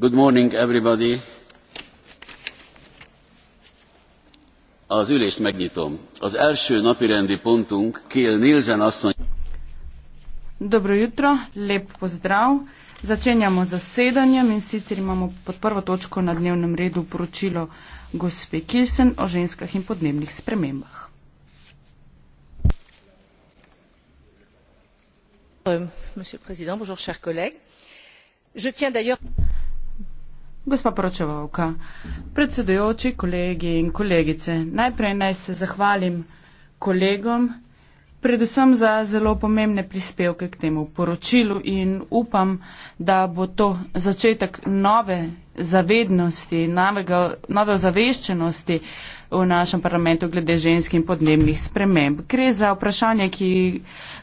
good morning everybody az ülést megnyitom az első napirendi pontunk kiel nielsen asszony Dobro jutro, lep pozdrav. Začenjamo z zasedanjem in sicer imamo pod prvo točko na dnevnem redu poročilo gospe Kilsen o ženskah in podnebnih spremembah. Je tiens d'ailleurs Gospa poročevalka, predsedujoči, kolegi in kolegice, najprej naj se zahvalim kolegom, predvsem za zelo pomembne prispevke k temu poročilu in upam, da bo to začetek nove zavednosti, novega, nove ozaveščenosti v našem parlamentu glede ženskih in podnebnih sprememb. Gre za vprašanje, ki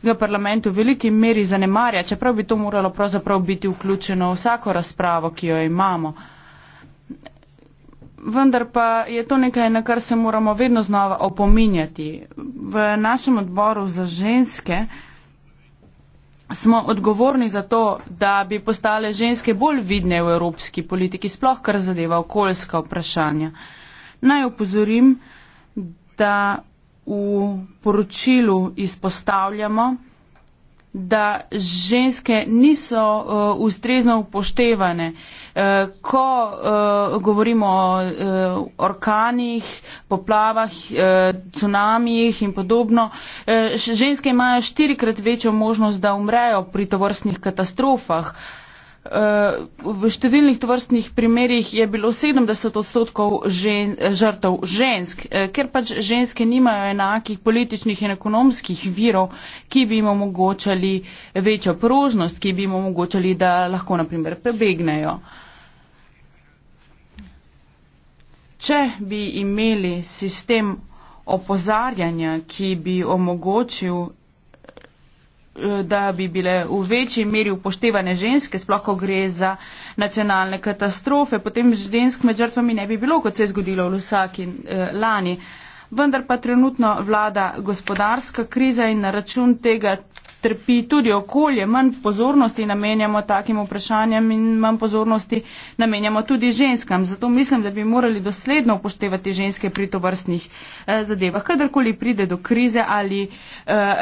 ga parlament v veliki meri zanemarja, čeprav bi to moralo pravzaprav biti vključeno v vsako razpravo, ki jo imamo vendar pa je to nekaj, na kar se moramo vedno znova opominjati. V našem odboru za ženske smo odgovorni za to, da bi postale ženske bolj vidne v evropski politiki, sploh kar zadeva okoljska vprašanja. Naj opozorim, da v poročilu izpostavljamo, da ženske niso uh, ustrezno upoštevane. Uh, ko uh, govorimo o uh, orkanih, poplavah, uh, cunamijih in podobno, uh, ženske imajo štirikrat večjo možnost, da umrejo pri tovrstnih katastrofah. Uh, Eh, v številnih tovrstnih primerjih je bilo 70 odstotkov žen, žrtev žensk, eh, ker pač ženske nimajo enakih političnih in ekonomskih virov, ki bi jim omogočali večjo prožnost, ki bi jim omogočali, da lahko naprimer prebegnejo. Če bi imeli sistem opozarjanja, ki bi omogočil da bi bile v večji meri upoštevane ženske, sploh ko gre za nacionalne katastrofe, potem žensk med žrtvami ne bi bilo, kot se je zgodilo v Lusaki eh, lani. Vendar pa trenutno vlada gospodarska kriza in na račun tega trpi tudi okolje, manj pozornosti namenjamo takim vprašanjem in manj pozornosti namenjamo tudi ženskam. Zato mislim, da bi morali dosledno upoštevati ženske pri tovrstnih eh, zadevah. Kadarkoli pride do krize ali eh,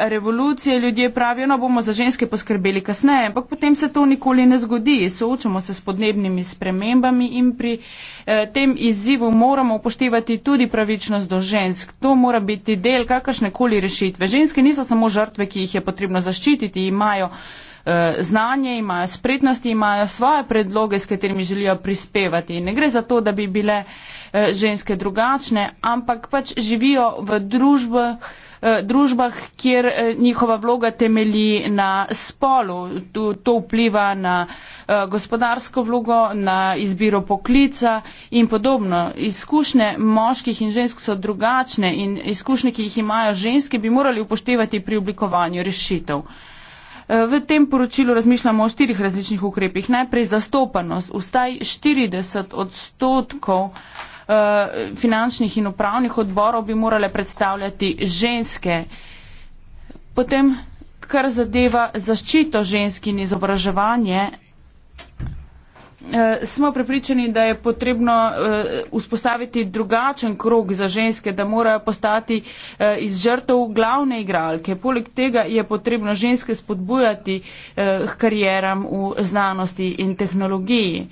revolucije, ljudje pravijo, no bomo za ženske poskrbeli kasneje, ampak potem se to nikoli ne zgodi. Soočamo se s podnebnimi spremembami in pri eh, tem izzivu moramo upoštevati tudi pravičnost do žensk. To mora biti del kakršnekoli rešitve. Ženske niso samo žrtve, ki jih je potrebno zaščititi zaščititi, imajo eh, znanje, imajo spretnosti, imajo svoje predloge, s katerimi želijo prispevati. Ne gre za to, da bi bile eh, ženske drugačne, ampak pač živijo v družbah, Eh, družbah, kjer eh, njihova vloga temelji na spolu. To, to vpliva na eh, gospodarsko vlogo, na izbiro poklica in podobno. Izkušnje moških in žensk so drugačne in izkušnje, ki jih imajo ženske, bi morali upoštevati pri oblikovanju rešitev. V tem poročilu razmišljamo o štirih različnih ukrepih. Najprej zastopanost. Vstaj 40 odstotkov uh, Eh, finančnih in upravnih odborov bi morale predstavljati ženske. Potem, kar zadeva zaščito žensk in izobraževanje, eh, smo pripričani, da je potrebno eh, vzpostaviti drugačen krog za ženske, da morajo postati iz žrtov glavne igralke. Poleg tega je potrebno ženske spodbujati k karieram v znanosti in tehnologiji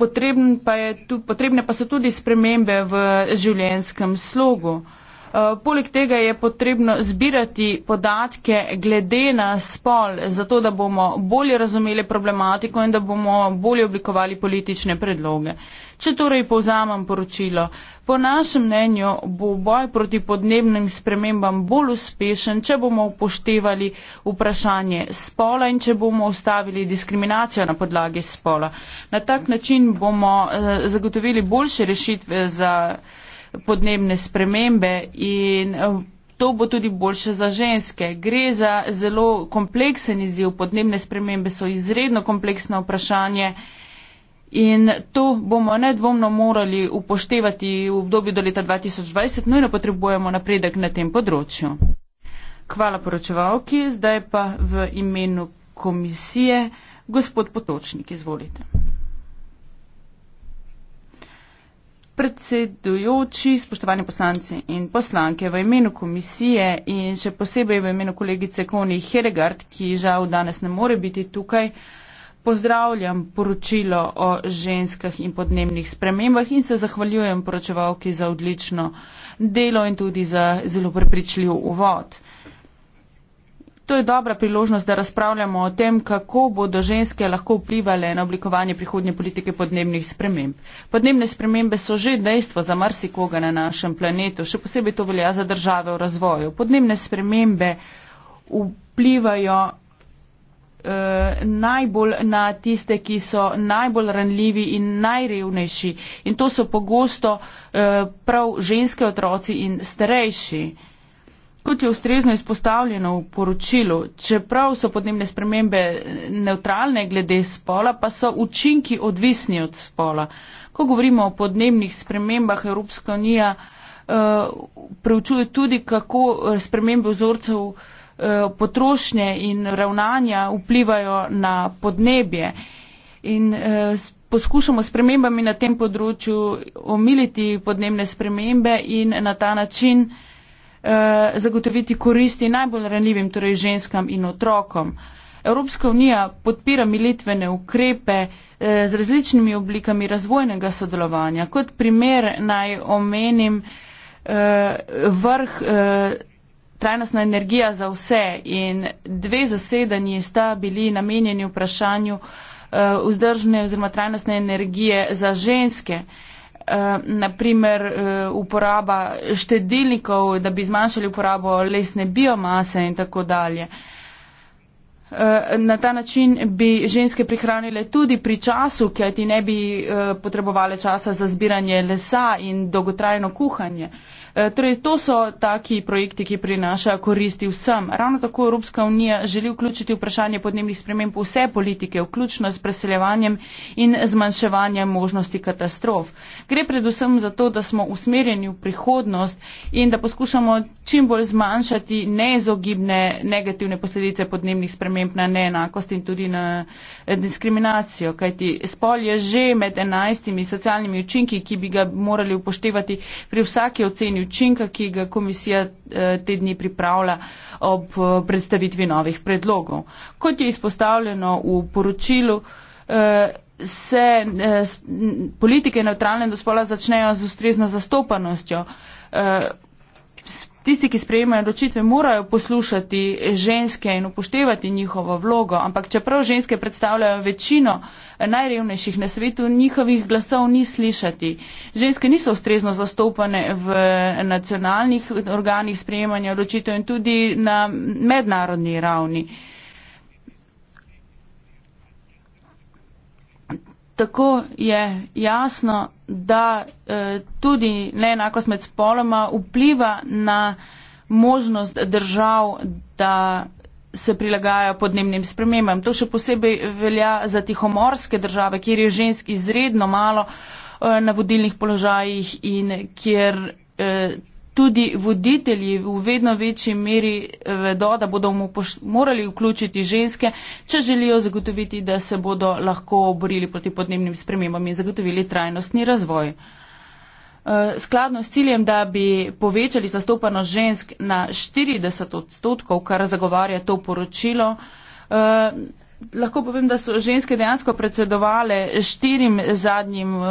potreben pa je tu, potrebne pa so tudi spremembe v življenskem slogu. Uh, poleg tega je potrebno zbirati podatke glede na spol, zato da bomo bolje razumeli problematiko in da bomo bolje oblikovali politične predloge. Če torej povzamem poročilo, Po našem mnenju bo boj proti podnebnim spremembam bolj uspešen, če bomo upoštevali vprašanje spola in če bomo ustavili diskriminacijo na podlagi spola. Na tak način bomo eh, zagotovili boljše rešitve za podnebne spremembe in eh, to bo tudi boljše za ženske. Gre za zelo kompleksen izziv. Podnebne spremembe so izredno kompleksno vprašanje. In to bomo nedvomno morali upoštevati v obdobju do leta 2020, nujno potrebujemo napredek na tem področju. Hvala poročevalki, zdaj pa v imenu komisije gospod Potočnik, izvolite. Predsedujoči, spoštovani poslanci in poslanke, v imenu komisije in še posebej v imenu kolegice Koni Heregard, ki žal danes ne more biti tukaj, uh, Pozdravljam poročilo o ženskah in podnebnih spremembah in se zahvaljujem poročevalki za odlično delo in tudi za zelo prepričljiv uvod. To je dobra priložnost, da razpravljamo o tem, kako bodo ženske lahko vplivali na oblikovanje prihodnje politike podnebnih sprememb. Podnebne spremembe so že dejstvo za marsikoga na našem planetu, še posebej to velja za države v razvoju. Podnebne spremembe vplivajo Eh, najbolj na tiste, ki so najbolj ranljivi in najrevnejši. In to so pogosto eh, prav ženske otroci in starejši. Kot je ustrezno izpostavljeno v poročilu, čeprav so podnebne spremembe neutralne glede spola, pa so učinki odvisni od spola. Ko govorimo o podnebnih spremembah, Evropska unija uh, preučuje tudi, kako spremembe vzorcev uh, Eh, potrošnje in ravnanja vplivajo na podnebje. In eh, poskušamo s premembami na tem področju omiliti podnebne spremembe in na ta način eh, zagotoviti koristi najbolj ranljivim, torej ženskam in otrokom. Evropska unija podpira militvene ukrepe z različnimi oblikami razvojnega sodelovanja. Kot primer naj omenim vrh trajnostna energija za vse in dve zasedanji sta bili namenjeni vprašanju eh, vzdržne oziroma trajnostne energije za ženske. Eh, Naprimer, eh, uporaba štedilnikov, da bi zmanjšali uporabo lesne biomase in tako dalje. Na ta način bi ženske prihranile tudi pri času, kajti ne bi potrebovali časa za zbiranje lesa in dolgotrajno kuhanje. Eh, torej, to so taki projekti, ki prinašajo koristi vsem. Ravno tako Evropska unija želi vključiti vprašanje podnebnih sprememb v vse politike, vključno s preseljevanjem in zmanjševanjem možnosti katastrof. Gre predvsem za to, da smo usmerjeni v prihodnost in da poskušamo čim bolj zmanjšati neizogibne negativne posledice podnebnih sprememb na neenakost in tudi na eh, diskriminacijo. Kajti spol je že med enajstimi socialnimi učinki, ki bi ga morali upoštevati pri vsaki oceni ocenjevanju učinka, ki ga komisija eh, te dni pripravlja ob eh, predstavitvi novih predlogov. Kot je izpostavljeno v poročilu, eh, se politike neutralne do spola začnejo z ustrezno zastopanostjo tisti, ki sprejemajo odločitve, morajo poslušati ženske in upoštevati njihovo vlogo, ampak čeprav ženske predstavljajo večino najrevnejših na svetu, njihovih glasov ni slišati. Ženske niso ustrezno zastopane v nacionalnih organih sprejemanja odločitev in tudi na mednarodni ravni. Uh, tako je jasno, da eh, tudi neenakost med spoloma vpliva na možnost držav, da se prilagajajo podnebnim spremembam. To še posebej velja za tihomorske države, kjer je žensk izredno malo eh, na vodilnih položajih in kjer eh, tudi voditelji v vedno večji meri eh, vedo, da bodo morali vključiti ženske, če želijo zagotoviti, da se bodo lahko borili proti podnebnim spremembam in zagotovili trajnostni razvoj. Eh, skladno s ciljem, da bi povečali zastopanost žensk na 40 odstotkov, kar zagovarja to poročilo, eh, lahko povem, da so ženske dejansko predsedovale štirim zadnjim eh,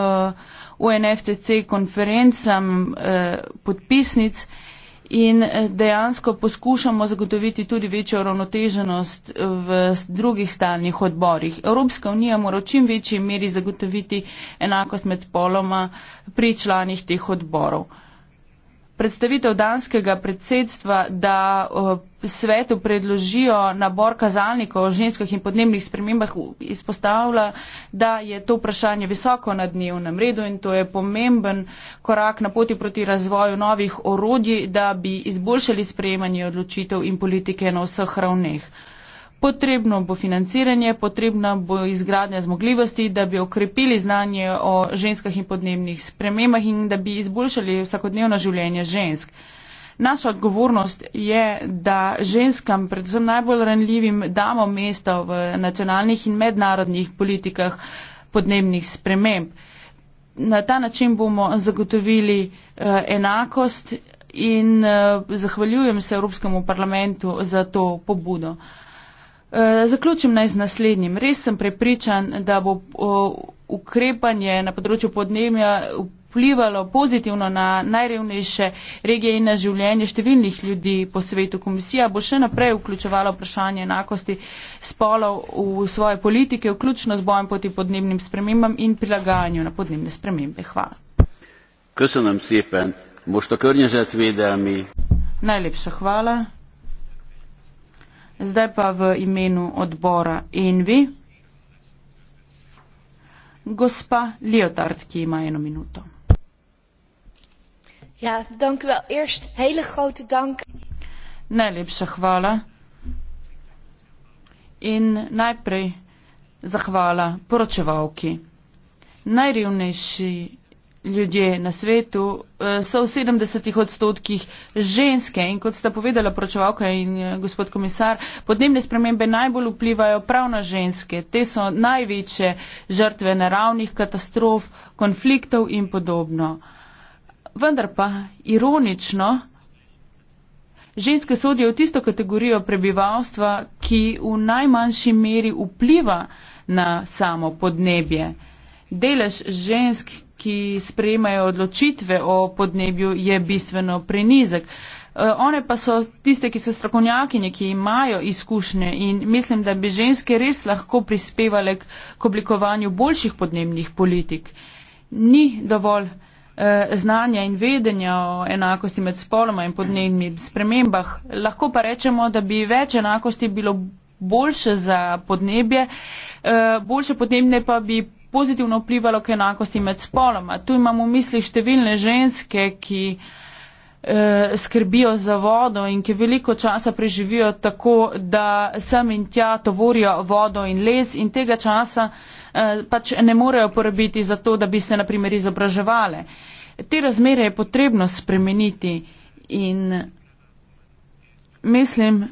eh, UNFCC konferencam eh, podpisnic in dejansko poskušamo zagotoviti tudi večjo ravnoteženost v drugih stalnih odborih. Evropska unija mora v čim večji meri zagotoviti enakost med spoloma pri članih teh odborov predstavitev danskega predsedstva, da svetu predložijo nabor kazalnikov o ženskih in podnebnih spremembah, izpostavlja, da je to vprašanje visoko na dnevnem redu in to je pomemben korak na poti proti razvoju novih orodij, da bi izboljšali sprejemanje odločitev in politike na vseh ravneh. Potrebno bo financiranje, potrebna bo izgradnja zmogljivosti, da bi okrepili znanje o ženskah in podnebnih spremembah in da bi izboljšali vsakodnevno življenje žensk. Naša odgovornost je, da ženskam, predvsem najbolj ranljivim, damo mesto v nacionalnih in mednarodnih politikah podnebnih sprememb. Na ta način bomo zagotovili eh, enakost in eh, zahvaljujem se Evropskemu parlamentu za to pobudo. Eh, zaključim naj z naslednjim. Res sem prepričan, da bo ukrepanje na področju podnebja vplivalo pozitivno na najrevnejše regije in na življenje številnih ljudi po svetu. Komisija bo še naprej vključevala vprašanje enakosti spolov v svoje politike, vključno z bojem proti podnebnim spremembam in prilagajanju na podnebne spremembe. Hvala. Köszönöm szépen. Most a környezetvédelmi. Najlepša hvala. Zdaj pa v imenu odbora Envi. Gospa Liotard, ki ima eno minuto. Ja, dank u wel. Eerst hele grote dank. Najlepša hvala. In najprej zahvala poročevalki. Najrevnejši ljudje na svetu, eh, so v 70 odstotkih ženske. In kot sta povedala pročevalka in eh, gospod komisar, podnebne spremembe najbolj vplivajo prav na ženske. Te so največje žrtve naravnih katastrof, konfliktov in podobno. Vendar pa, ironično, ženske sodijo v tisto kategorijo prebivalstva, ki v najmanjši meri vpliva na samo podnebje. Delež žensk, ki sprejemajo odločitve o podnebju, je bistveno prenizek. E, one pa so tiste, ki so strokovnjakinje, ki imajo izkušnje in mislim, da bi ženske res lahko prispevale k oblikovanju boljših podnebnih politik. Ni dovolj e, znanja in vedenja o enakosti med spoloma in podnebnih spremembah. Lahko pa rečemo, da bi več enakosti bilo boljše za podnebje, e, boljše podnebne pa bi pozitivno vplivalo k enakosti med spoloma. Tu imamo v misli številne ženske, ki eh, skrbijo za vodo in ki veliko časa preživijo tako, da sem in tja tovorijo vodo in les in tega časa eh, pač ne morejo porabiti za to, da bi se naprimer izobraževali. Te razmere je potrebno spremeniti in mislim,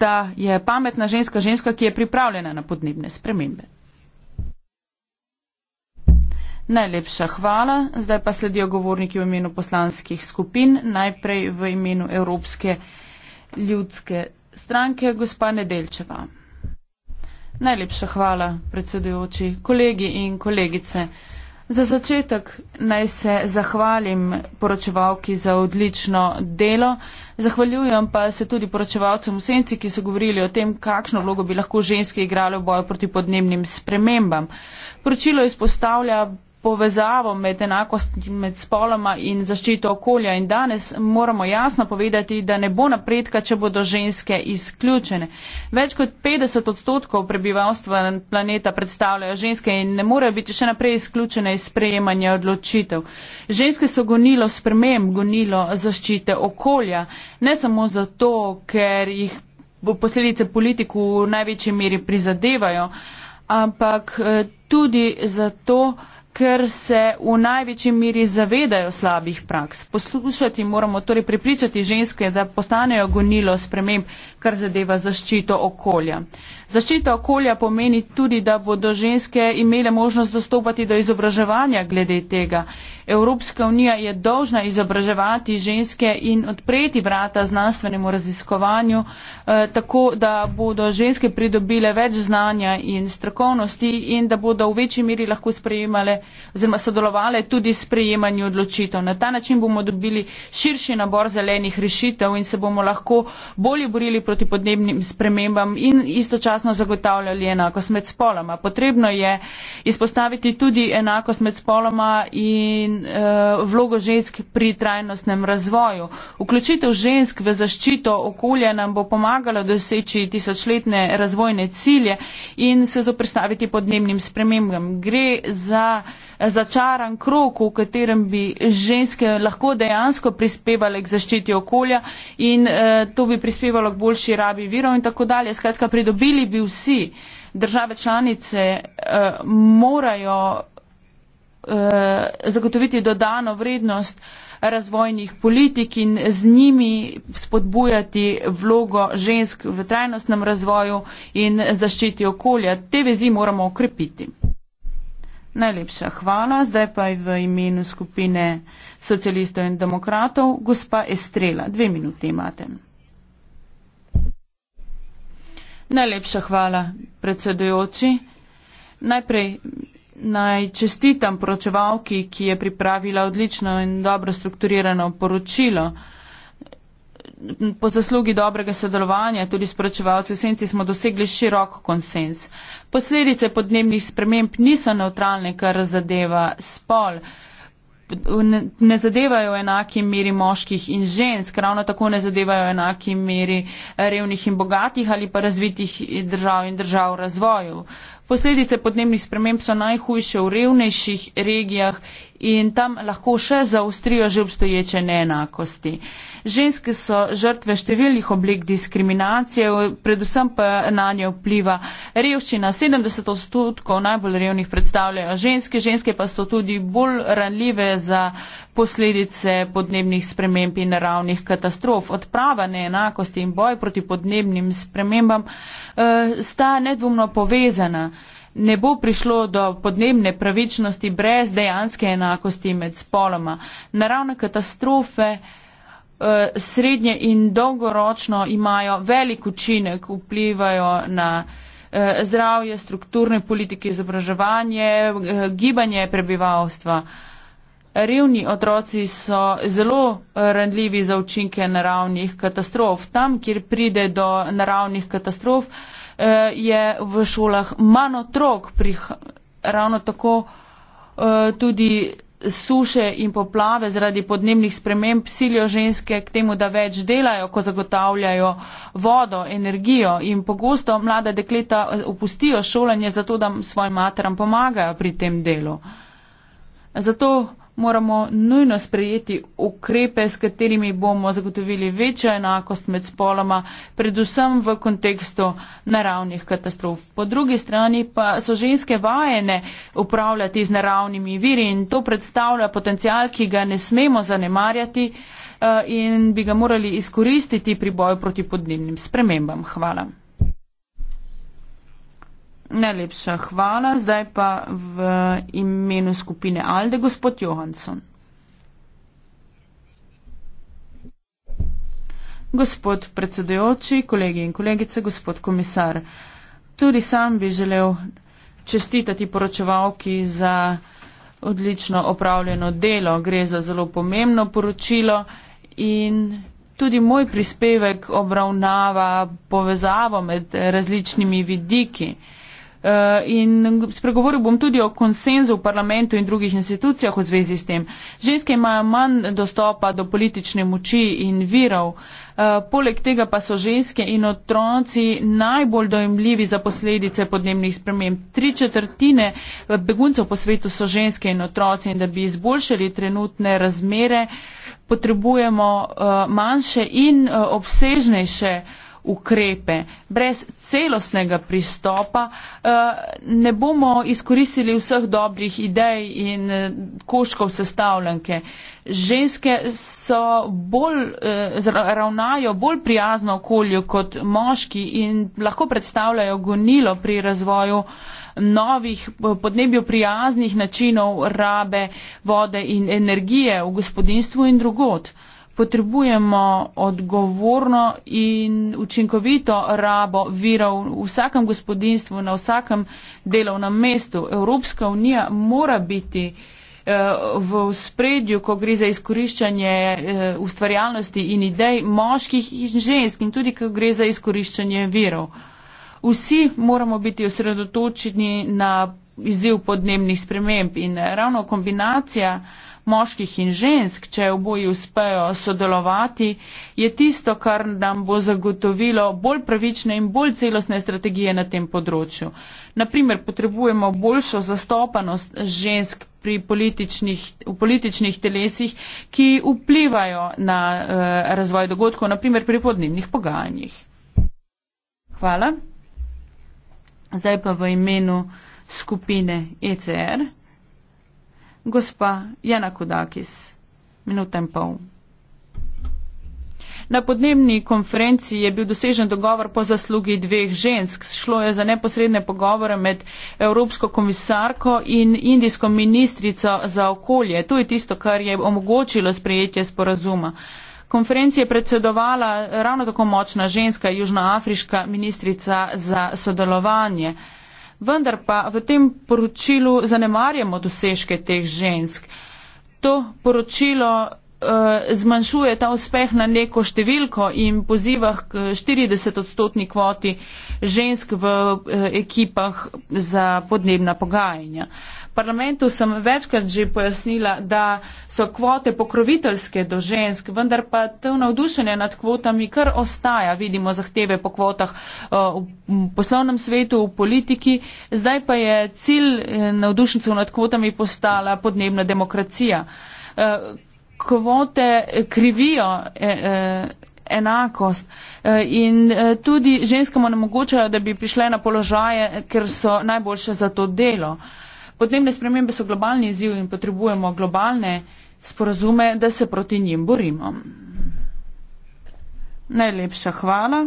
da je pametna ženska ženska, ki je pripravljena na podnebne spremembe. Najlepša hvala. Zdaj pa sledijo govorniki v imenu poslanskih skupin. Najprej v imenu Evropske ljudske stranke, gospa Nedelčeva. Najlepša hvala, predsedujoči, kolegi in kolegice. Za začetek naj se zahvalim poročevalki za odlično delo. Zahvaljujem pa se tudi poročevalcem v senci, ki so govorili o tem, kakšno vlogo bi lahko ženske igrale v boju proti podnebnim spremembam. Poročilo izpostavlja povezavo med enakosti med spoloma in zaščito okolja. In danes moramo jasno povedati, da ne bo napredka, če bodo ženske izključene. Več kot 50 odstotkov prebivalstva planeta predstavljajo ženske in ne morejo biti še naprej izključene iz sprejemanja odločitev. Ženske so gonilo sprememb, gonilo zaščite okolja. Ne samo zato, ker jih posledice politiku v največji meri prizadevajo, ampak eh, tudi zato, ker se v največji miri zavedajo slabih praks. Poslušati moramo torej prepričati ženske, da postanejo gonilo sprememb, kar zadeva zaščito okolja. Zaščita okolja pomeni tudi, da bodo ženske imele možnost dostopati do izobraževanja glede tega. Evropska unija je dolžna izobraževati ženske in odpreti vrata znanstvenemu raziskovanju, eh, tako da bodo ženske pridobile več znanja in strokovnosti in da bodo v večji meri lahko sprejemale oziroma sodelovale tudi s sprejemanju odločitev. Na ta način bomo dobili širši nabor zelenih rešitev in se bomo lahko bolje borili proti podnebnim spremembam in istočasno zagotavljali enakost med spoloma. Potrebno je izpostaviti tudi enakost med spoloma in in e, vlogo žensk pri trajnostnem razvoju. Vključitev žensk v zaščito okolja nam bo pomagala doseči tisočletne razvojne cilje in se zoprstaviti podnebnim spremembam. Gre za eh, začaran krok, v katerem bi ženske lahko dejansko prispevali k zaščiti okolja in e, to bi prispevalo k boljši rabi virov in tako dalje. Skratka, pridobili bi vsi. Države članice uh, morajo Eh, zagotoviti dodano vrednost razvojnih politik in z njimi spodbujati vlogo žensk v trajnostnem razvoju in zaščiti okolja. Te vezi moramo okrepiti. Najlepša hvala. Zdaj pa je v imenu skupine socialistov in demokratov gospa Estrela. Dve minuti imate. Najlepša hvala, predsedujoči. Najprej Naj čestitam poročevalki, ki je pripravila odlično in dobro strukturirano poročilo. Po zaslugi dobrega sodelovanja tudi s poročevalci v senci smo dosegli širok konsens. Posledice podnebnih sprememb niso neutralne, kar zadeva spol. Ne, ne zadevajo v enaki meri moških in žensk, ravno tako ne zadevajo v enaki meri revnih in bogatih ali pa razvitih držav in držav v razvoju. Posledice podnebnih sprememb so najhujše v revnejših regijah in tam lahko še zaostrijo že obstoječe neenakosti. Ženske so žrtve številnih oblik diskriminacije, predvsem pa na nje vpliva revščina. 70 odstotkov najbolj revnih predstavljajo ženske, ženske pa so tudi bolj ranljive za posledice podnebnih sprememb in naravnih katastrof. Odprava neenakosti in boj proti podnebnim spremembam uh, sta nedvomno povezana. Uh, ne bo prišlo do podnebne pravičnosti brez dejanske enakosti med spoloma. Naravne katastrofe eh, srednje in dolgoročno imajo velik učinek, vplivajo na eh, zdravje, strukturne politike, izobraževanje, eh, gibanje prebivalstva. Revni otroci so zelo randljivi za učinke naravnih katastrof. Tam, kjer pride do naravnih katastrof, Eh, je v šolah manj otrok, ravno tako eh, tudi suše in poplave zaradi podnebnih sprememb silijo ženske k temu, da več delajo, ko zagotavljajo vodo, energijo in pogosto mlada dekleta eh, opustijo šolanje, zato da svojim materam pomagajo pri tem delu. Zato moramo nujno sprejeti ukrepe, s katerimi bomo zagotovili večjo enakost med spoloma, predvsem v kontekstu naravnih katastrof. Po drugi strani pa so ženske vajene upravljati z naravnimi viri in to predstavlja potencial, ki ga ne smemo zanemarjati eh, in bi ga morali izkoristiti pri boju proti podnebnim spremembam. Hvala. Najlepša hvala. Zdaj pa v imenu skupine Alde, gospod Johansson. Gospod predsedojoči, kolegi in kolegice, gospod komisar, tudi sam bi želel čestitati poročevalki za odlično opravljeno delo. Gre za zelo pomembno poročilo in tudi moj prispevek obravnava povezavo med različnimi vidiki. Eh, in spregovoril bom tudi o konsenzu v parlamentu in drugih institucijah v zvezi s tem. Ženske imajo manj dostopa do politične moči in virov. Eh, poleg tega pa so ženske in otroci najbolj dojemljivi za posledice podnebnih sprememb. Tri četrtine eh, beguncev po svetu so ženske in otroci in da bi izboljšali trenutne razmere, potrebujemo manjše in obsežnejše ukrepe. Brez celostnega pristopa eh, ne bomo izkoristili vseh dobrih idej in eh, koškov sestavljanke. Ženske so bolj, eh, ravnajo bolj prijazno okolju kot moški in lahko predstavljajo gonilo pri razvoju novih podnebju prijaznih načinov rabe vode in energije v gospodinstvu in drugot. Uh, potrebujemo odgovorno in učinkovito rabo virov v vsakem gospodinstvu, na vsakem delovnem mestu. Evropska unija mora biti eh, v spredju, ko gre za izkoriščanje eh, ustvarjalnosti in idej moških in žensk in tudi, ko gre za izkoriščanje virov. Vsi moramo biti osredotočeni na izziv podnebnih sprememb in ravno kombinacija moških in žensk, če oboji uspejo sodelovati, je tisto, kar nam bo zagotovilo bolj pravične in bolj celostne strategije na tem področju. Naprimer, potrebujemo boljšo zastopanost žensk političnih, v političnih telesih, ki vplivajo na uh, razvoj dogodkov, naprimer pri podnebnih pogajanjih. Hvala. Zdaj pa v imenu skupine ECR gospa Jana Kudakis. Minuta in pol. Na podnebni konferenci je bil dosežen dogovor po zaslugi dveh žensk. Šlo je za neposredne pogovore med Evropsko komisarko in Indijsko ministrico za okolje. To je tisto, kar je omogočilo sprejetje sporazuma. Konferenci je predsedovala ravno tako močna ženska, južnoafriška ministrica za sodelovanje vendar pa v tem poročilu zanemarjamo dosežke teh žensk. To poročilo Eh, zmanjšuje ta uspeh na neko številko in poziva k 40-odstotni eh, kvoti žensk v eh, ekipah za podnebna pogajanja. Parlamentu sem večkrat že pojasnila, da so kvote pokroviteljske do žensk, vendar pa to navdušenje nad kvotami kar ostaja. Vidimo zahteve po kvotah v poslovnem svetu, v politiki. Zdaj pa je cilj navdušencev nad kvotami postala podnebna demokracija kvote krivijo e, e, enakost e, in e, tudi ženskam onemogočajo, da bi prišle na položaje, ker so najboljše za to delo. Podnebne spremembe so globalni izziv in potrebujemo globalne sporazume, da se proti njim borimo. Najlepša hvala.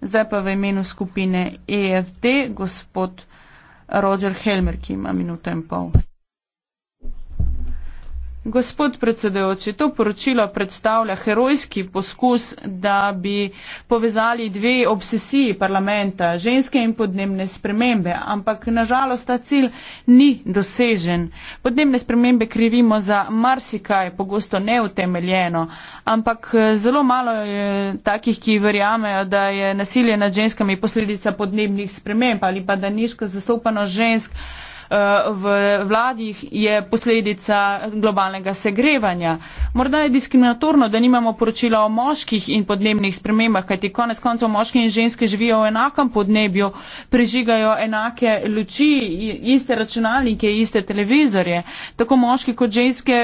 Zdaj pa v imenu skupine EFD gospod Roger Helmer, ki ima minuto in pol. Gospod predsedujoči, to poročilo predstavlja herojski poskus, da bi povezali dve obsesiji parlamenta, ženske in podnebne spremembe, ampak nažalost ta cilj ni dosežen. Podnebne spremembe krivimo za marsikaj, pogosto neutemeljeno, ampak eh, zelo malo je takih, ki verjamejo, da je nasilje nad ženskami posledica podnebnih sprememb ali pa da niška zastopanost žensk. Eh, v vladih je posledica globalnega segrevanja. Morda je diskriminatorno, da nimamo poročila o moških in podnebnih spremembah, kajti konec koncev moški in ženske živijo v enakem podnebju, prežigajo enake luči, iste računalnike, iste televizorje. Tako moški kot ženske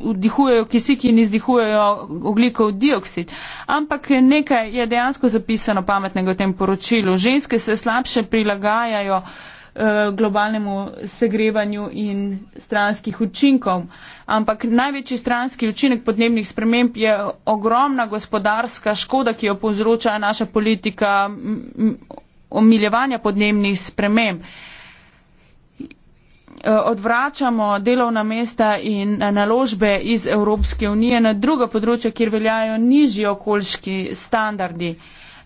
vdihujejo kisik in izdihujejo oglikov dioksid. Ampak nekaj je dejansko zapisano pametnega v tem poročilu. Ženske se slabše prilagajajo Eh, globalnemu segrevanju in stranskih učinkov. Ampak največji stranski učinek podnebnih sprememb je ogromna gospodarska škoda, ki jo povzroča naša politika omiljevanja podnebnih sprememb. Eh, odvračamo delovna mesta in naložbe iz Evropske unije na druga področja, kjer veljajo nižji okoljski standardi.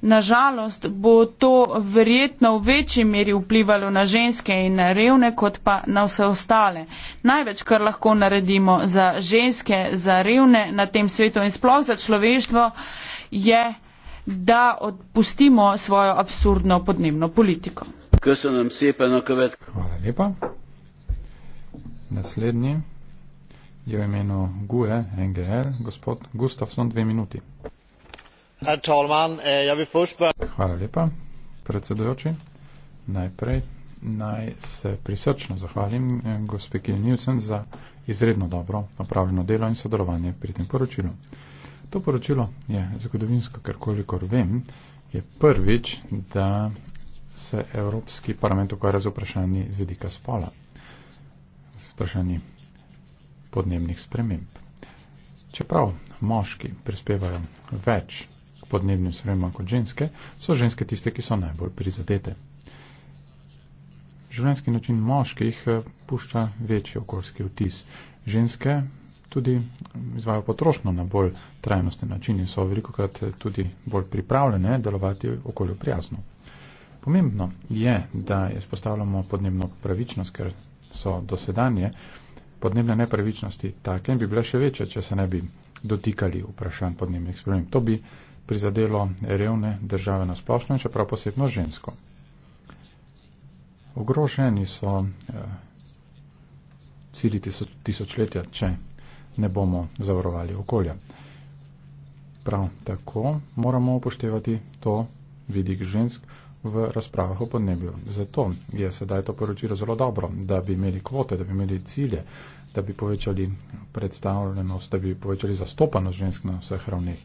Nažalost bo to verjetno v večji meri vplivalo na ženske in na revne, kot pa na vse ostale. Največ, kar lahko naredimo za ženske, za revne na tem svetu in sploh za človeštvo, je, da odpustimo svojo absurdno podnebno politiko. Hvala lepa. Naslednji je v imenu GUE NGL, gospod Gustafson, dve minuti. Eh, Hvala lepa, predsedujoči. Najprej naj se prisrčno zahvalim eh, gospe Kili Nilsen za izredno dobro opravljeno delo in sodelovanje pri tem poročilu. To poročilo je zgodovinsko, ker kolikor vem, je prvič, da se Evropski parlament ukvarja z vprašanji z vidika spola, z vprašanji podnebnih sprememb. Čeprav moški prispevajo več podnebnim spremembam kot ženske, so ženske tiste, ki so najbolj prizadete. Življenjski način moških eh, pušča večji okoljski vtis. Ženske tudi izvajo potrošno na bolj trajnosten način in so veliko krat eh, tudi bolj pripravljene delovati okolju prijazno. Pomembno je, da izpostavljamo podnebno pravičnost, ker so dosedanje podnebne nepravičnosti take in bi bile še večje, če se ne bi dotikali vprašanj podnebnih sprememb. To bi prizadelo revne države na splošno in čeprav posebno žensko. Ogroženi so eh, cili tisoč, tisočletja, če ne bomo zavarovali okolja. Prav tako moramo upoštevati to vidik žensk v razpravah o podnebju. Zato je sedaj to poročilo zelo dobro, da bi imeli kvote, da bi imeli cilje, da bi povečali predstavljenost, da bi povečali zastopanost žensk na vseh ravneh.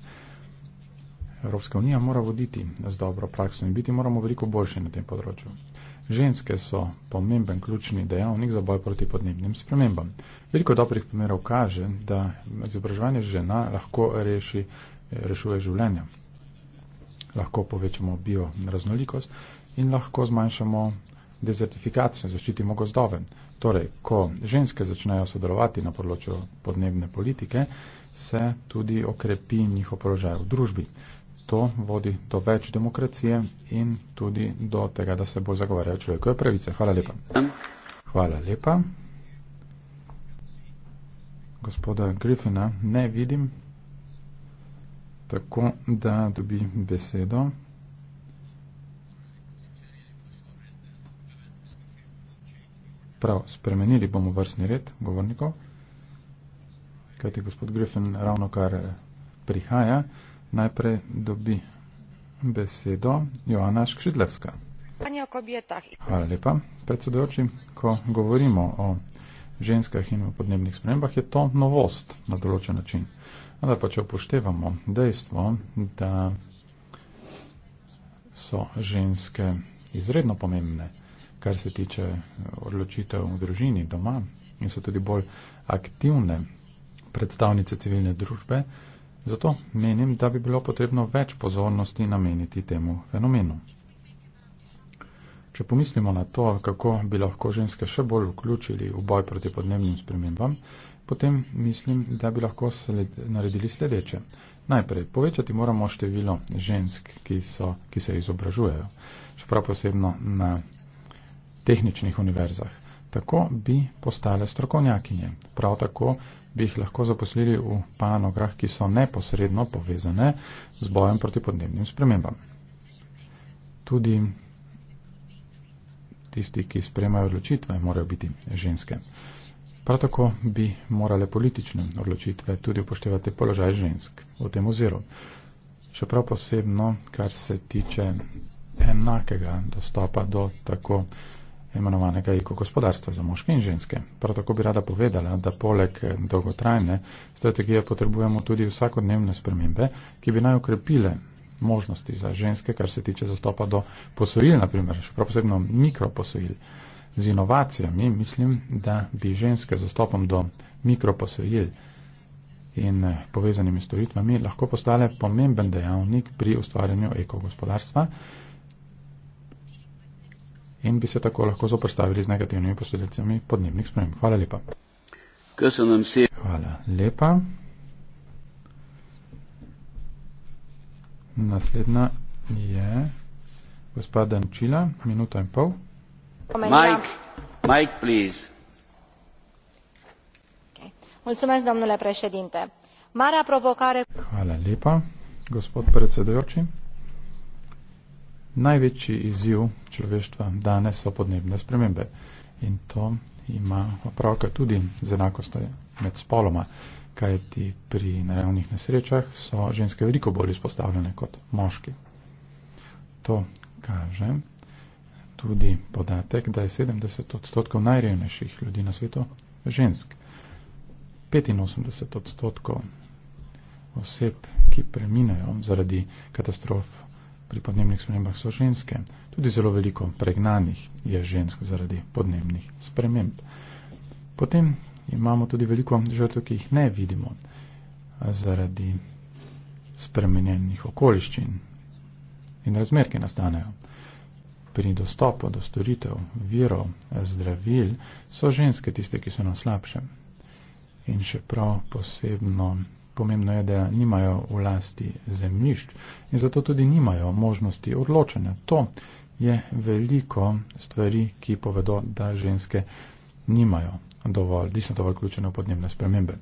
Evropska unija mora voditi z dobro prakso in biti moramo veliko boljši na tem področju. Ženske so pomemben ključni dejavnik za boj proti podnebnim spremembam. Veliko dobrih primerov kaže, da izobraževanje žena lahko reši, rešuje življenja. Lahko povečamo bioraznolikost in lahko zmanjšamo dezertifikacijo, zaščitimo gozdove. Torej, ko ženske začnejo sodelovati na področju podnebne politike, se tudi okrepi njihov položaj v družbi to vodi do več demokracije in tudi do tega, da se bo zagovarjal človekove pravice. Hvala lepa. Hvala lepa. Gospoda Griffina ne vidim, tako da dobi besedo. Prav, spremenili bomo vrstni red govornikov, kajti gospod Griffin ravno kar eh, prihaja. Najprej dobi besedo Joana Škridlevska. O kobietach. Hvala lepa. Predsedujoči, ko govorimo o ženskah in o podnebnih spremembah, je to novost na določen način. Ampak pa če upoštevamo dejstvo, da so ženske izredno pomembne, kar se tiče odločitev v družini, doma in so tudi bolj aktivne predstavnice civilne družbe, Zato menim, da bi bilo potrebno več pozornosti nameniti temu fenomenu. Če pomislimo na to, kako bi lahko ženske še bolj vključili v boj proti podnebnim spremembam, potem mislim, da bi lahko sled, naredili sledeče. Najprej, povečati moramo število žensk, ki, so, ki se izobražujejo, še prav posebno na tehničnih univerzah tako bi postale strokovnjakinje. Prav tako bi jih lahko zaposlili v panogah, ki so neposredno povezane z bojem proti podnebnim spremembam. Tudi tisti, ki spremajo odločitve, morajo biti ženske. Prav tako bi morale politične odločitve tudi upoštevati položaj žensk v tem oziru. Še prav posebno, kar se tiče enakega dostopa do tako imenovanega ekogospodarstva za moške in ženske. Prav tako bi rada povedala, da poleg dolgotrajne strategije potrebujemo tudi vsakodnevne spremembe, ki bi naj okrepile možnosti za ženske, kar se tiče dostopa do posojil, naprimer, še prav posebno mikroposojil. Z inovacijami mislim, da bi ženske z dostopom do mikroposojil in eh, povezanimi storitvami lahko postale pomemben dejavnik pri ustvarjanju ekogospodarstva, gospodarstva in bi se tako lahko zoprstavili z negativnimi posledicami podnebnih sprememb. Hvala lepa. Hvala lepa. Naslednja je gospod Dančila, minuta in pol. Mike, Mike, please. Mulțumesc, domnule președinte. Marea provocare... Hvala lepa, gospod predsedujoči. Največji izziv človeštva danes so podnebne spremembe in to ima opravka tudi z enakostjo med spoloma, kajti pri naravnih nesrečah so ženske veliko bolj izpostavljene kot moški. To kaže tudi podatek, da je 70 odstotkov najrevnejših ljudi na svetu žensk. 85 odstotkov oseb, ki preminajo zaradi katastrof pri podnebnih spremembah so ženske. Tudi zelo veliko pregnanih je žensk zaradi podnebnih sprememb. Potem imamo tudi veliko žrtev, ki jih ne vidimo zaradi spremenjenih okoliščin in razmer, ki nastanejo. Pri dostopu do storitev, virov, zdravil so ženske tiste, ki so na slabšem. In še prav posebno pomembno je, da nimajo v lasti zemljišč in zato tudi nimajo možnosti odločanja. To je veliko stvari, ki povedo, da ženske nimajo dovolj, niso dovolj vključene v podnebne spremembe.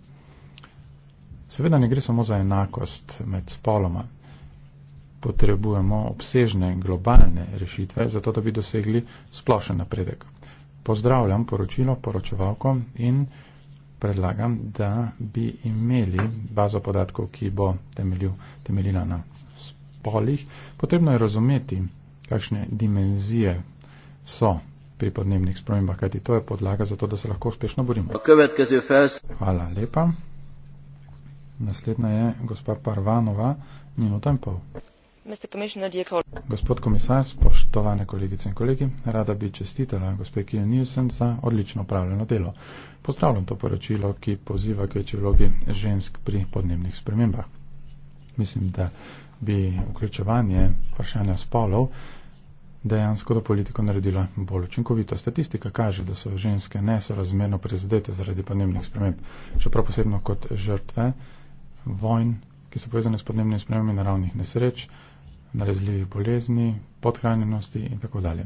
Seveda ne gre samo za enakost med spoloma. Potrebujemo obsežne globalne rešitve, zato da bi dosegli splošen napredek. Pozdravljam poročilo poročevalko in poročevalko predlagam, da bi imeli bazo podatkov, ki bo temelju, temeljila na spolih. Potrebno je razumeti, kakšne dimenzije so pri podnebnih spremembah, kajti to je podlaga za to, da se lahko uspešno borimo. Hvala lepa. Naslednja je gospa Parvanova, minuta in pol. Gospod komisar, spoštovane kolegice in kolegi, rada bi čestitela gospe Kine Nielsen za odlično upravljeno delo. Pozdravljam to poročilo, ki poziva k večji vlogi žensk pri podnebnih spremembah. Mislim, da bi vključevanje vprašanja spolov dejansko to politiko naredila bolj učinkovito. Statistika kaže, da so ženske nesorazmerno prezadete zaradi podnebnih sprememb, čeprav posebno kot žrtve vojn, ki so povezane s podnebnimi spremembami naravnih nesreč, nalezljivi bolezni, podhranjenosti in tako dalje.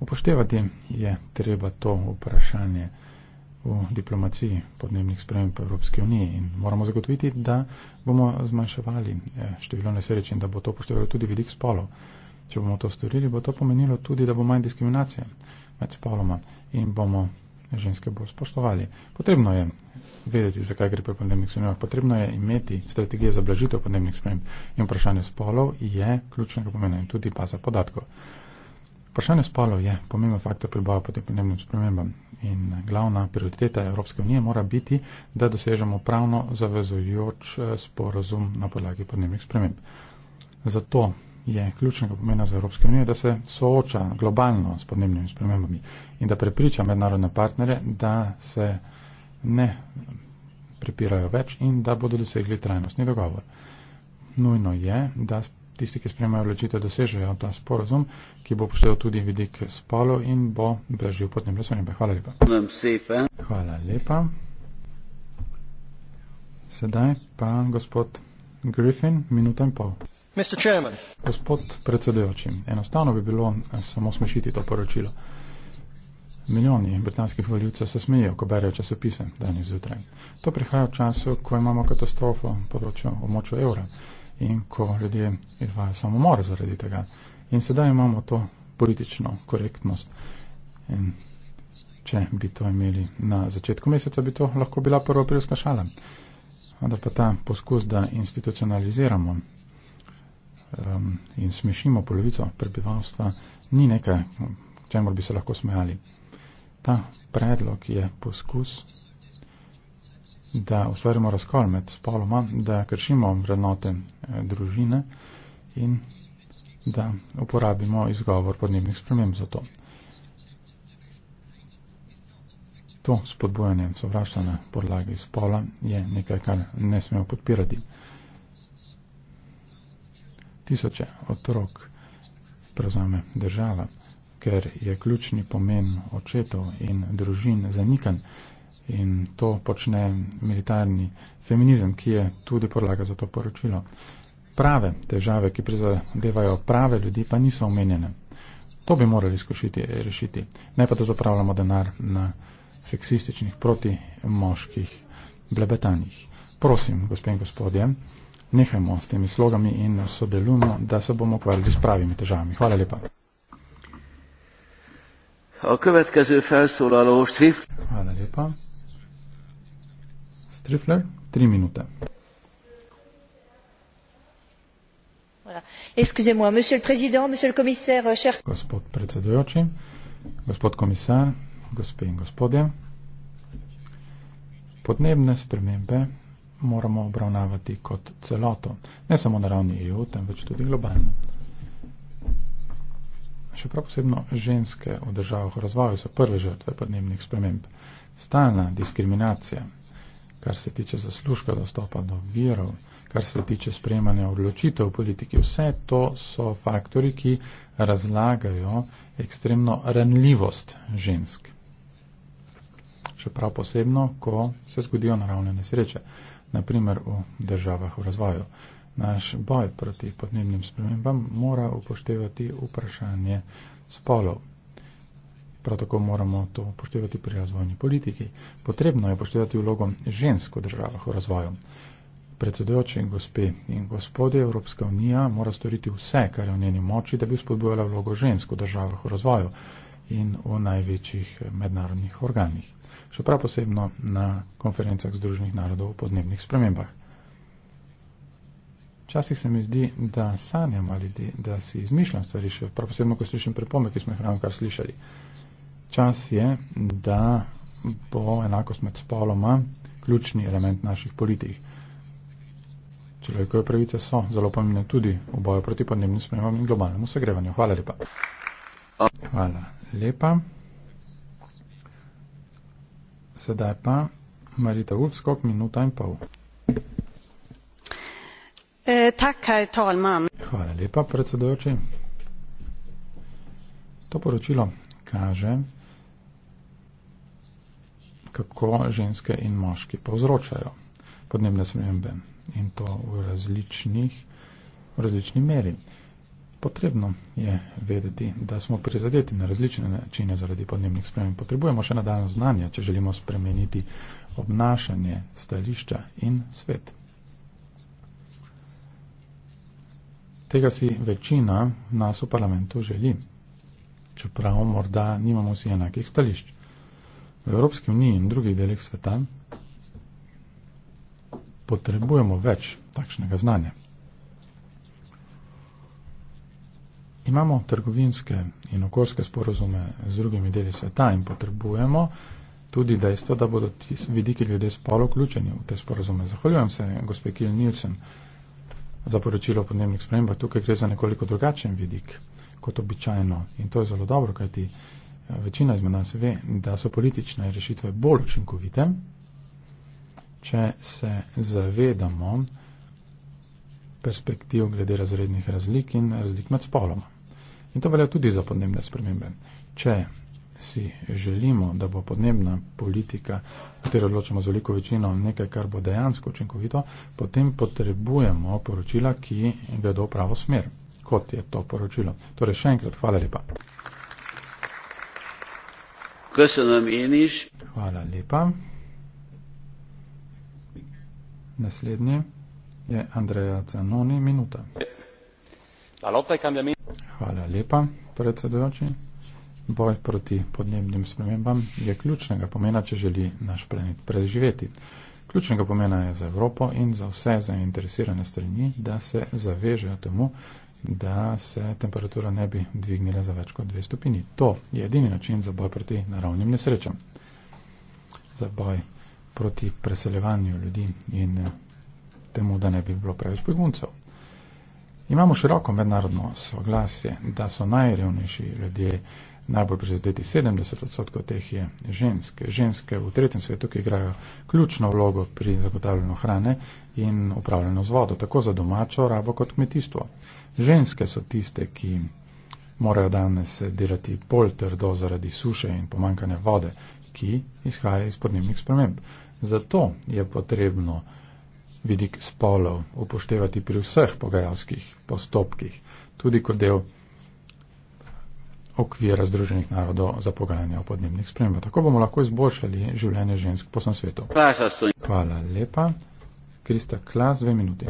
Upoštevati je treba to vprašanje v diplomaciji podnebnih sprememb Evropske unije in moramo zagotoviti, da bomo zmanjševali eh, število nesreč in da bo to upoštevalo tudi vidik spolov. Če bomo to storili, bo to pomenilo tudi, da bo manj diskriminacije med spoloma in bomo ženske bolj spoštovali. Potrebno je vedeti, zakaj gre pri podnebnih spremembah. Potrebno je imeti strategije za blažitev podnebnih sprememb. In vprašanje spolov je ključnega pomena in tudi paza podatkov. Vprašanje spolov je pomemben faktor pri boju proti podnebnim spremembam. In glavna prioriteta Evropske unije mora biti, da dosežemo pravno zavezujoč eh, sporazum na podlagi podnebnih sprememb. Zato je ključnega pomena za Evropske unije, da se sooča globalno s podnebnimi spremembami in da prepriča mednarodne partnere, da se ne prepirajo več in da bodo dosegli trajnostni dogovor. Nujno je, da tisti, ki spremajo odločitev, dosežejo ta sporozum, ki bo poštel tudi vidik spolo in bo brežil podnebne spremembe. Hvala lepa. Hvala lepa. Sedaj pa gospod Griffin, minuto in pol. Gospod predsedujoči, enostavno bi bilo eh, samo smešiti to poročilo. Milijoni britanskih voljivcev se smejijo, ko berijo časopise danes zjutraj. To prihaja v času, ko imamo katastrofo področju območja evra in ko ljudje izvajo samomor zaradi tega. In sedaj imamo to politično korektnost. In če bi to imeli na začetku meseca, bi to lahko bila prva aprilska šala. Vendar pa ta poskus, da institucionaliziramo um, in smešimo polovico prebivalstva, ni nekaj, čemu bi se lahko smejali. Ta predlog je poskus, da ustvarimo razkol med spoloma, da kršimo vrednote eh, družine in da uporabimo izgovor podnebnih sprememb za to. To spodbojanje sovraštva na podlagi spola je nekaj, kar ne smemo podpirati tisoče otrok prevzame država, ker je ključni pomen očetov in družin zanikan in to počne militarni feminizem, ki je tudi podlaga za to poročilo. Prave težave, ki prizadevajo prave ljudi, pa niso omenjene. To bi morali skušiti rešiti, ne pa da zapravljamo denar na seksističnih proti moških blebetanjih. Prosim, gospe in gospodje, nehajmo s temi slogami in sodelujmo, da se bomo ukvarjali s pravimi težavami. Hvala lepa. Hvala lepa. Strifler, tri minute. Gospod predsedujoči, gospod komisar, gospe in gospodje, podnebne spremembe moramo obravnavati kot celoto, ne samo na ravni EU, temveč tudi globalno. Še prav posebno ženske v državah v razvoju so prve žrtve podnebnih sprememb. Stalna diskriminacija, kar se tiče zaslužka dostopa do virov, kar se tiče sprejemanja odločitev v politiki, vse to so faktori, ki razlagajo ekstremno ranljivost žensk. Še prav posebno, ko se zgodijo naravne nesreče na primer v državah v razvoju. Naš boj proti podnebnim spremembam mora upoštevati vprašanje spolov. Prav tako moramo to upoštevati pri razvojni politiki. Potrebno je upoštevati vlogo žensk v državah v razvoju. Predsedujoči gospe in gospode Evropska unija mora storiti vse, kar je v njeni moči, da bi spodbojala vlogo žensk v državah v razvoju in v največjih mednarodnih organih še prav posebno na konferencah Združenih narodov o podnebnih spremembah. Včasih se mi zdi, da sanjam ali di, da si izmišljam stvari, še prav posebno, ko slišim pripombe, ki smo jih ravno kar slišali. Čas je, da bo enakost med spoloma ključni element naših politik. Človekove pravice so zelo pomembne tudi v boju proti podnebnim spremembam in globalnemu segrevanju. Hvala lepa. Hvala lepa. Sedaj pa Marita Ulfskog, minuta in pol. Eh, Hvala lepa, predsedujoči. To poročilo kaže, kako ženske in moški povzročajo podnebne spremembe in to v različnih, v različni meri. Potrebno je vedeti, da smo prizadeti na različne načine zaradi podnebnih sprememb. Potrebujemo še nadaljno znanje, če želimo spremeniti obnašanje, stališča in svet. Tega si večina nas v parlamentu želi, čeprav morda nimamo vsi enakih stališč. V Evropski uniji in drugih delih sveta potrebujemo več takšnega znanja. imamo trgovinske in okoljske sporozume z drugimi deli sveta in potrebujemo tudi dejstvo, da bodo ti vidiki ljudje spolo vključeni v te sporozume. Zahvaljujem se gospe Kiel Nielsen za poročilo o podnebnih spremembah. Tukaj gre za nekoliko drugačen vidik kot običajno in to je zelo dobro, kajti eh, večina izmed nas ve, da so politične rešitve bolj učinkovite, če se zavedamo perspektiv glede razrednih razlik in razlik med spoloma. In to velja tudi za podnebne spremembe. Če si želimo, da bo podnebna politika, katero odločamo z veliko večino, nekaj, kar bo dejansko učinkovito, potem potrebujemo poročila, ki vedo pravo smer, kot je to poročilo. Torej, še enkrat, hvala lepa. Kaj se nam eniš? Hvala lepa. Naslednji je Andreja Canoni, minuta. Hvala. Hvala lepa, predsedujoči. Boj proti podnebnim spremembam je ključnega pomena, če želi naš planet preživeti. Ključnega pomena je za Evropo in za vse zainteresirane strani, da se zavežejo temu, da se temperatura ne bi dvignila za več kot dve stopini. To je edini način za boj proti naravnim nesrečam. Za boj proti preseljevanju ljudi in temu, da ne bi bilo preveč beguncev. Imamo široko mednarodno soglasje, da so najrevnejši ljudje najbolj prizadeti. 70 odstotkov teh je ženske. Ženske v tretjem svetu, ki igrajo ključno vlogo pri zagotavljanju hrane in upravljanju z vodo, tako za domačo rabo kot kmetijstvo. Ženske so tiste, ki morajo danes delati pol trdo zaradi suše in pomankanja vode, ki izhaja iz podnebnih sprememb. Zato je potrebno vidik spolov upoštevati pri vseh pogajalskih postopkih, tudi kot del okvira Združenih narodov za pogajanje o podnebnih spremembah. Tako bomo lahko izboljšali življenje žensk po vsem svetu. Hvala lepa. Krista Klas, dve minuti.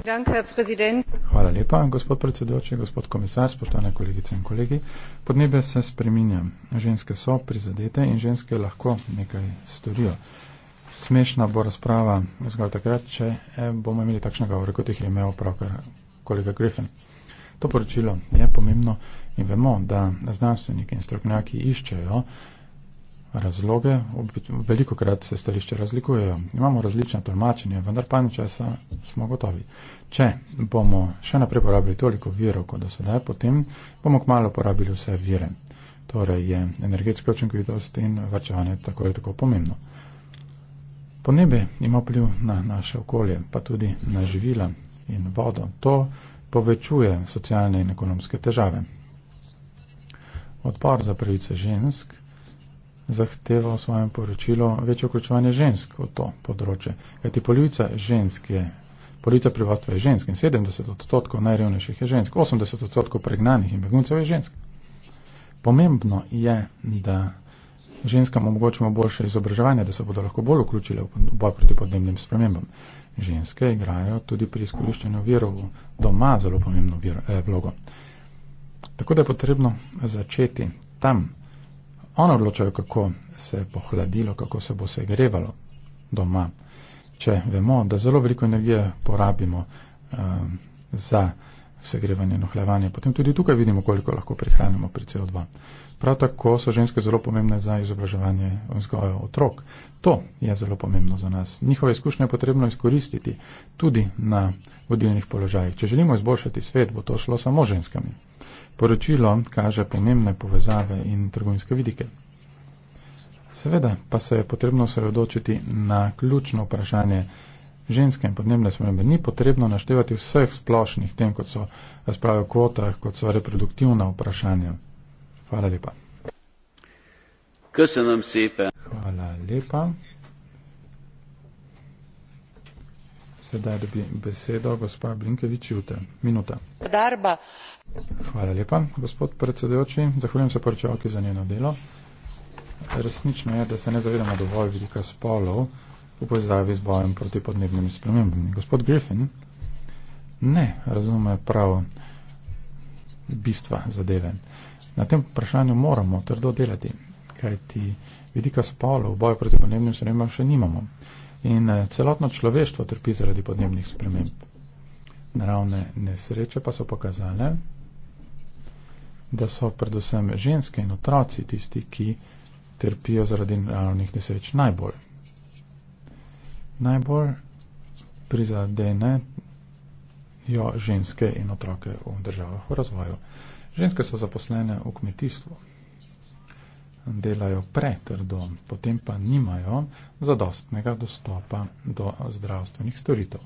Hvala lepa, gospod predsedoči, gospod komisar, spoštovane kolegice in kolegi. Podnebje se spreminja. Ženske so prizadete in ženske lahko nekaj storijo. Smešna bo razprava zgolj takrat, če eh, bomo imeli takšne govore, kot jih je imel pravkar kolega Griffin. To poročilo je pomembno in vemo, da znanstveniki in strokovnjaki iščejo razloge, veliko krat se stališče razlikujejo. Imamo različne tolmačenje, vendar pa nečesa smo gotovi. Če bomo še naprej porabili toliko virov, kot do sedaj, potem bomo kmalo porabili vse vire. Torej je energetska učinkovitost in vrčevanje tako ali tako pomembno. Ponebe ima vpliv na naše okolje, pa tudi na živila in vodo. To povečuje socialne in ekonomske težave. Odpor za pravice žensk zahteva v svojem poročilu večje vključevanje žensk v to področje. Kajti polovica žensk je, polovica prebivalstva je žensk in 70 odstotkov najrevnejših je žensk, 80 odstotkov pregnanih in beguncev je žensk. Pomembno je, da ženskam omogočimo boljše izobraževanje, da se bodo lahko bolj vključile v boj proti podnebnim spremembam. Ženske igrajo tudi pri izkoriščanju virov doma zelo pomembno vir, eh, vlogo. Tako da je potrebno začeti tam. Ono odločajo, kako se bo hladilo, kako se bo se grevalo doma. Če vemo, da zelo veliko energije porabimo eh, za segrevanje in ohlajevanje. Potem tudi tukaj vidimo, koliko lahko prihranimo pri CO2. Prav tako so ženske zelo pomembne za izobraževanje vzgojo otrok. To je zelo pomembno za nas. Njihove izkušnje je potrebno izkoristiti tudi na vodilnih položajih. Če želimo izboljšati svet, bo to šlo samo ženskami. Poročilo kaže pomembne povezave in trgovinske vidike. Seveda pa se je potrebno osredotočiti na ključno vprašanje, ženske in podnebne spremembe. Ni potrebno naštevati vseh splošnih tem, kot so razprave o kvotah, kot so reproduktivna vprašanja. Hvala lepa. Kusenam sepe. Hvala lepa. Sedaj dobi besedo gospa Blinkevič Jute. Minuta. Darba. Hvala lepa, gospod predsedujoči. Zahvaljujem se poročevalki za njeno delo. Resnično je, da se ne zavedamo dovolj velika spolov v povezavi z bojem proti podnebnim spremembam. Gospod Griffin ne razume prav bistva zadeve. Na tem vprašanju moramo trdo delati, kajti vidika spolov v boju proti podnebnim spremembam še nimamo. In eh, celotno človeštvo trpi zaradi podnebnih sprememb. Naravne nesreče pa so pokazale, da so predvsem ženske in otroci tisti, ki trpijo zaradi naravnih nesreč najbolj najbolj prizadene jo ženske in otroke v državah v razvoju. Ženske so zaposlene v kmetijstvu, delajo pretrdo, potem pa nimajo zadostnega dostopa do zdravstvenih storitev.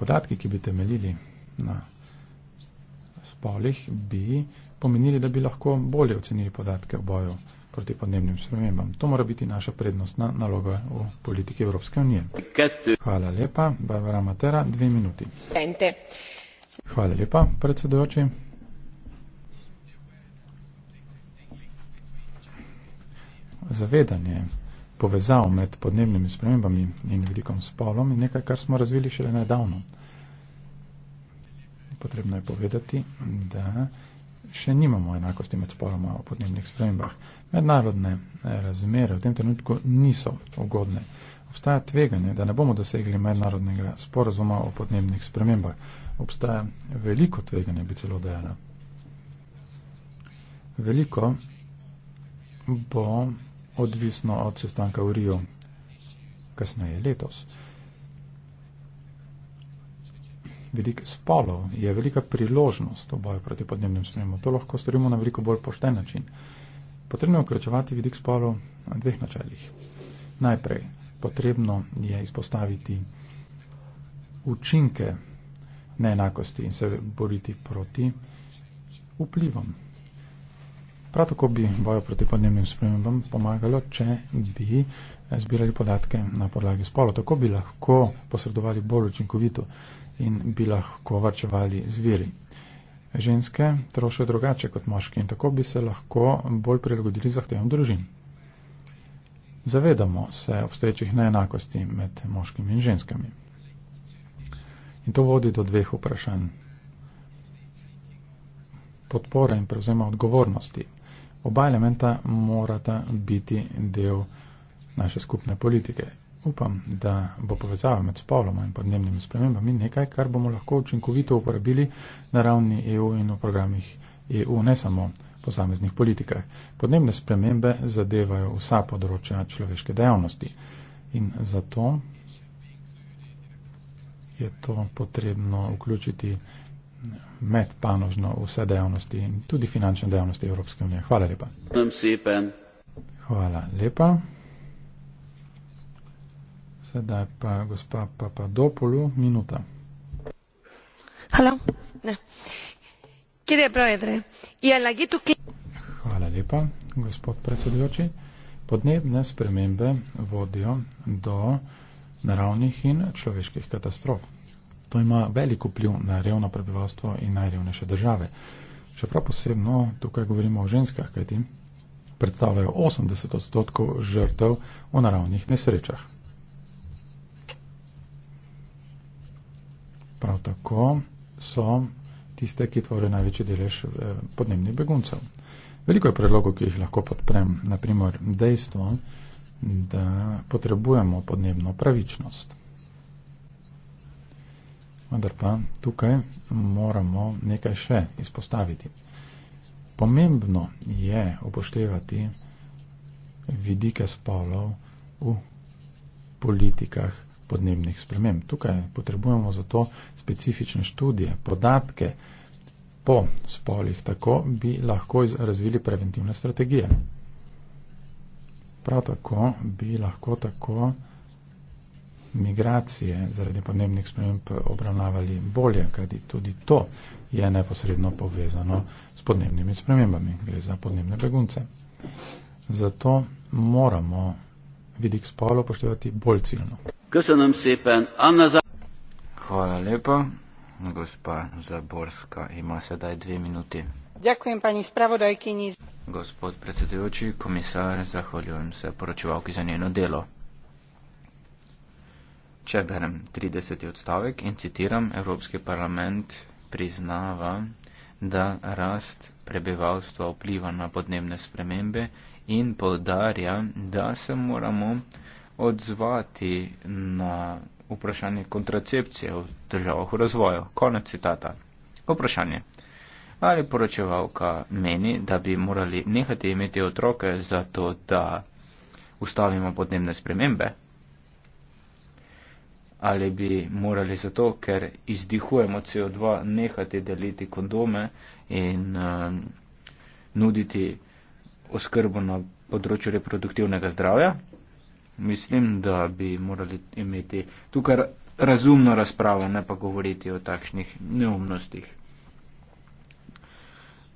Podatki, ki bi temeljili na spolih, bi pomenili, da bi lahko bolje ocenili podatke o boju proti podnebnim spremembam. To mora biti naša prednostna naloga v politiki Evropske unije. Hvala lepa, Barbara Matera, dve minuti. Hvala lepa, predsedujoči. Zavedanje povezav med podnebnimi spremembami in vidikom spolom je nekaj, kar smo razvili šele nedavno. Potrebno je povedati, da še nimamo enakosti med spoloma v podnebnih spremembah. Mednarodne eh, razmere v tem trenutku niso ugodne. Obstaja tveganje, da ne bomo dosegli mednarodnega sporazuma o podnebnih spremembah. Obstaja veliko tveganje, bi celo dejala. Veliko bo odvisno od sestanka v Riju kasneje letos. veliko spalo, je velika priložnost v boju proti podnebnem spremembam. To lahko storimo na veliko bolj pošten način. Potrebno je vključevati vidik spalo na dveh načeljih. Najprej potrebno je izpostaviti učinke neenakosti in se boriti proti vplivom. Prav tako bi bojo proti podnebnim spremembam pomagalo, če bi zbirali podatke na podlagi spola. Tako bi lahko posredovali bolj učinkovito in bi lahko varčevali z viri. Ženske trošijo drugače kot moški in tako bi se lahko bolj prilagodili zahtevam družin. Zavedamo se obstoječih neenakosti med moškimi in ženskami. In to vodi do dveh vprašanj. Podpora in prevzema odgovornosti. Oba elementa morata biti del naše skupne politike upam, da bo povezava med spoloma in podnebnimi spremembami nekaj, kar bomo lahko učinkovito uporabili na ravni EU in v programih EU, ne samo posameznih politikah. Podnebne spremembe zadevajo vsa področja človeške dejavnosti in zato je to potrebno vključiti med panožno vse dejavnosti in tudi finančne dejavnosti Evropske unije. Hvala lepa. Hvala lepa. Sedaj pa gospa Papadopolu, minuta. Hvala lepa, gospod predsedujoči. Podnebne spremembe vodijo do naravnih in človeških katastrof. To ima veliko vpliv na revno prebivalstvo in najrevnejše države. Čeprav posebno tukaj govorimo o ženskah, kajti predstavljajo 80 odstotkov žrtev v naravnih nesrečah. Prav tako so tiste, ki tvorejo največji delež eh, podnebnih beguncev. Veliko je predlogov, ki jih lahko podprem. Naprimer dejstvo, da potrebujemo podnebno pravičnost. Vendar pa tukaj moramo nekaj še izpostaviti. Pomembno je upoštevati vidike spolov v politikah podnebnih sprememb. Tukaj potrebujemo zato specifične študije, podatke po spolih, tako bi lahko razvili preventivne strategije. Prav tako bi lahko tako migracije zaradi podnebnih sprememb obravnavali bolje, kajti tudi to je neposredno povezano s podnebnimi spremembami, gre za podnebne begunce. Zato moramo vidik spolu upoštevati bolj ciljno. Köszönöm szépen, Anna Zab... Hvala lepa, gospa Zaborska ima sedaj dve minuti. Ďakujem pani spravodajkyni. Gospod predsedujoči, komisár, zahvaljujem sa poročovalky za njeno delo. Če berem 30. odstavek in citiram, Evropski parlament priznava, da rast prebivalstva vpliva na podnebne spremembe in povdarja, da se moramo odzvati na vprašanje kontracepcije v državah v razvoju. Konec citata. Vprašanje. Ali poročevalka meni, da bi morali nehati imeti otroke zato, da ustavimo podnebne spremembe? Ali bi morali zato, ker izdihujemo CO2, nehati deliti kondome in uh, nuditi oskrbo na področju reproduktivnega zdravja? mislim, da bi morali imeti tukaj razumno razpravo, ne pa govoriti o takšnih neumnostih.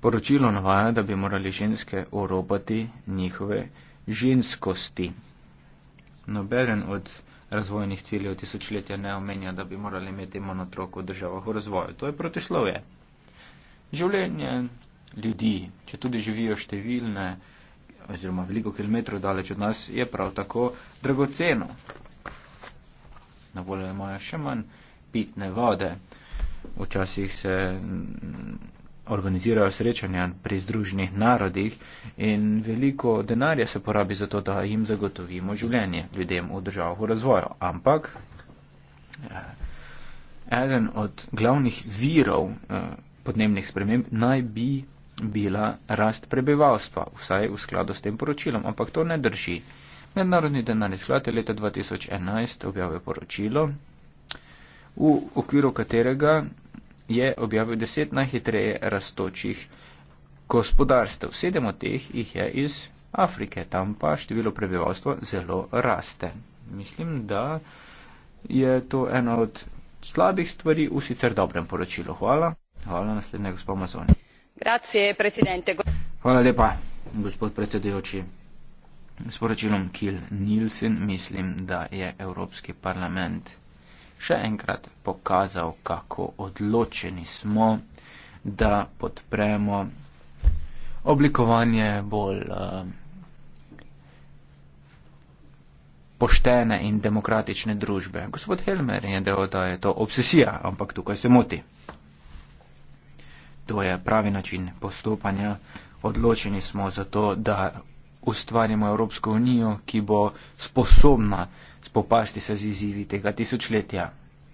Poročilo navaja, da bi morali ženske oropati njihove ženskosti. Noberen od razvojnih ciljev tisočletja ne omenja, da bi morali imeti monotrok v državah v razvoju. To je protislovje. Življenje ljudi, če tudi živijo številne, oziroma veliko kilometrov daleč od nas, je prav tako dragoceno. Na voljo imajo še manj pitne vode. Včasih se mm, organizirajo srečanja pri združnih narodih in veliko denarja se porabi za to, da jim zagotovimo življenje ljudem v državah v razvoju. Ampak eh, eden od glavnih virov eh, podnebnih sprememb naj bi bila rast prebivalstva, vsaj v skladu s tem poročilom, ampak to ne drži. Mednarodni denarni sklad je leta 2011 objavil poročilo, v okviru katerega je objavil deset najhitreje rastočih gospodarstev. Sedem od teh jih je iz Afrike, tam pa število prebivalstva zelo raste. Mislim, da je to ena od slabih stvari v sicer dobrem poročilu. Hvala. Hvala naslednja gospod Mazoni hvala lepa gospod predsedujoči s poročilom kill nielsen mislim da je evropski parlament še enkrat pokazal kako odločeni smo da podpremo oblikovanje bolj eh, poštene in demokratične družbe. Gospod Helmer je dejal, da je to obsesija, ampak tukaj se moti to je pravi način postopanja. Odločeni smo za to, da ustvarimo Evropsko unijo, ki bo sposobna spopasti se z izzivi tega tisočletja.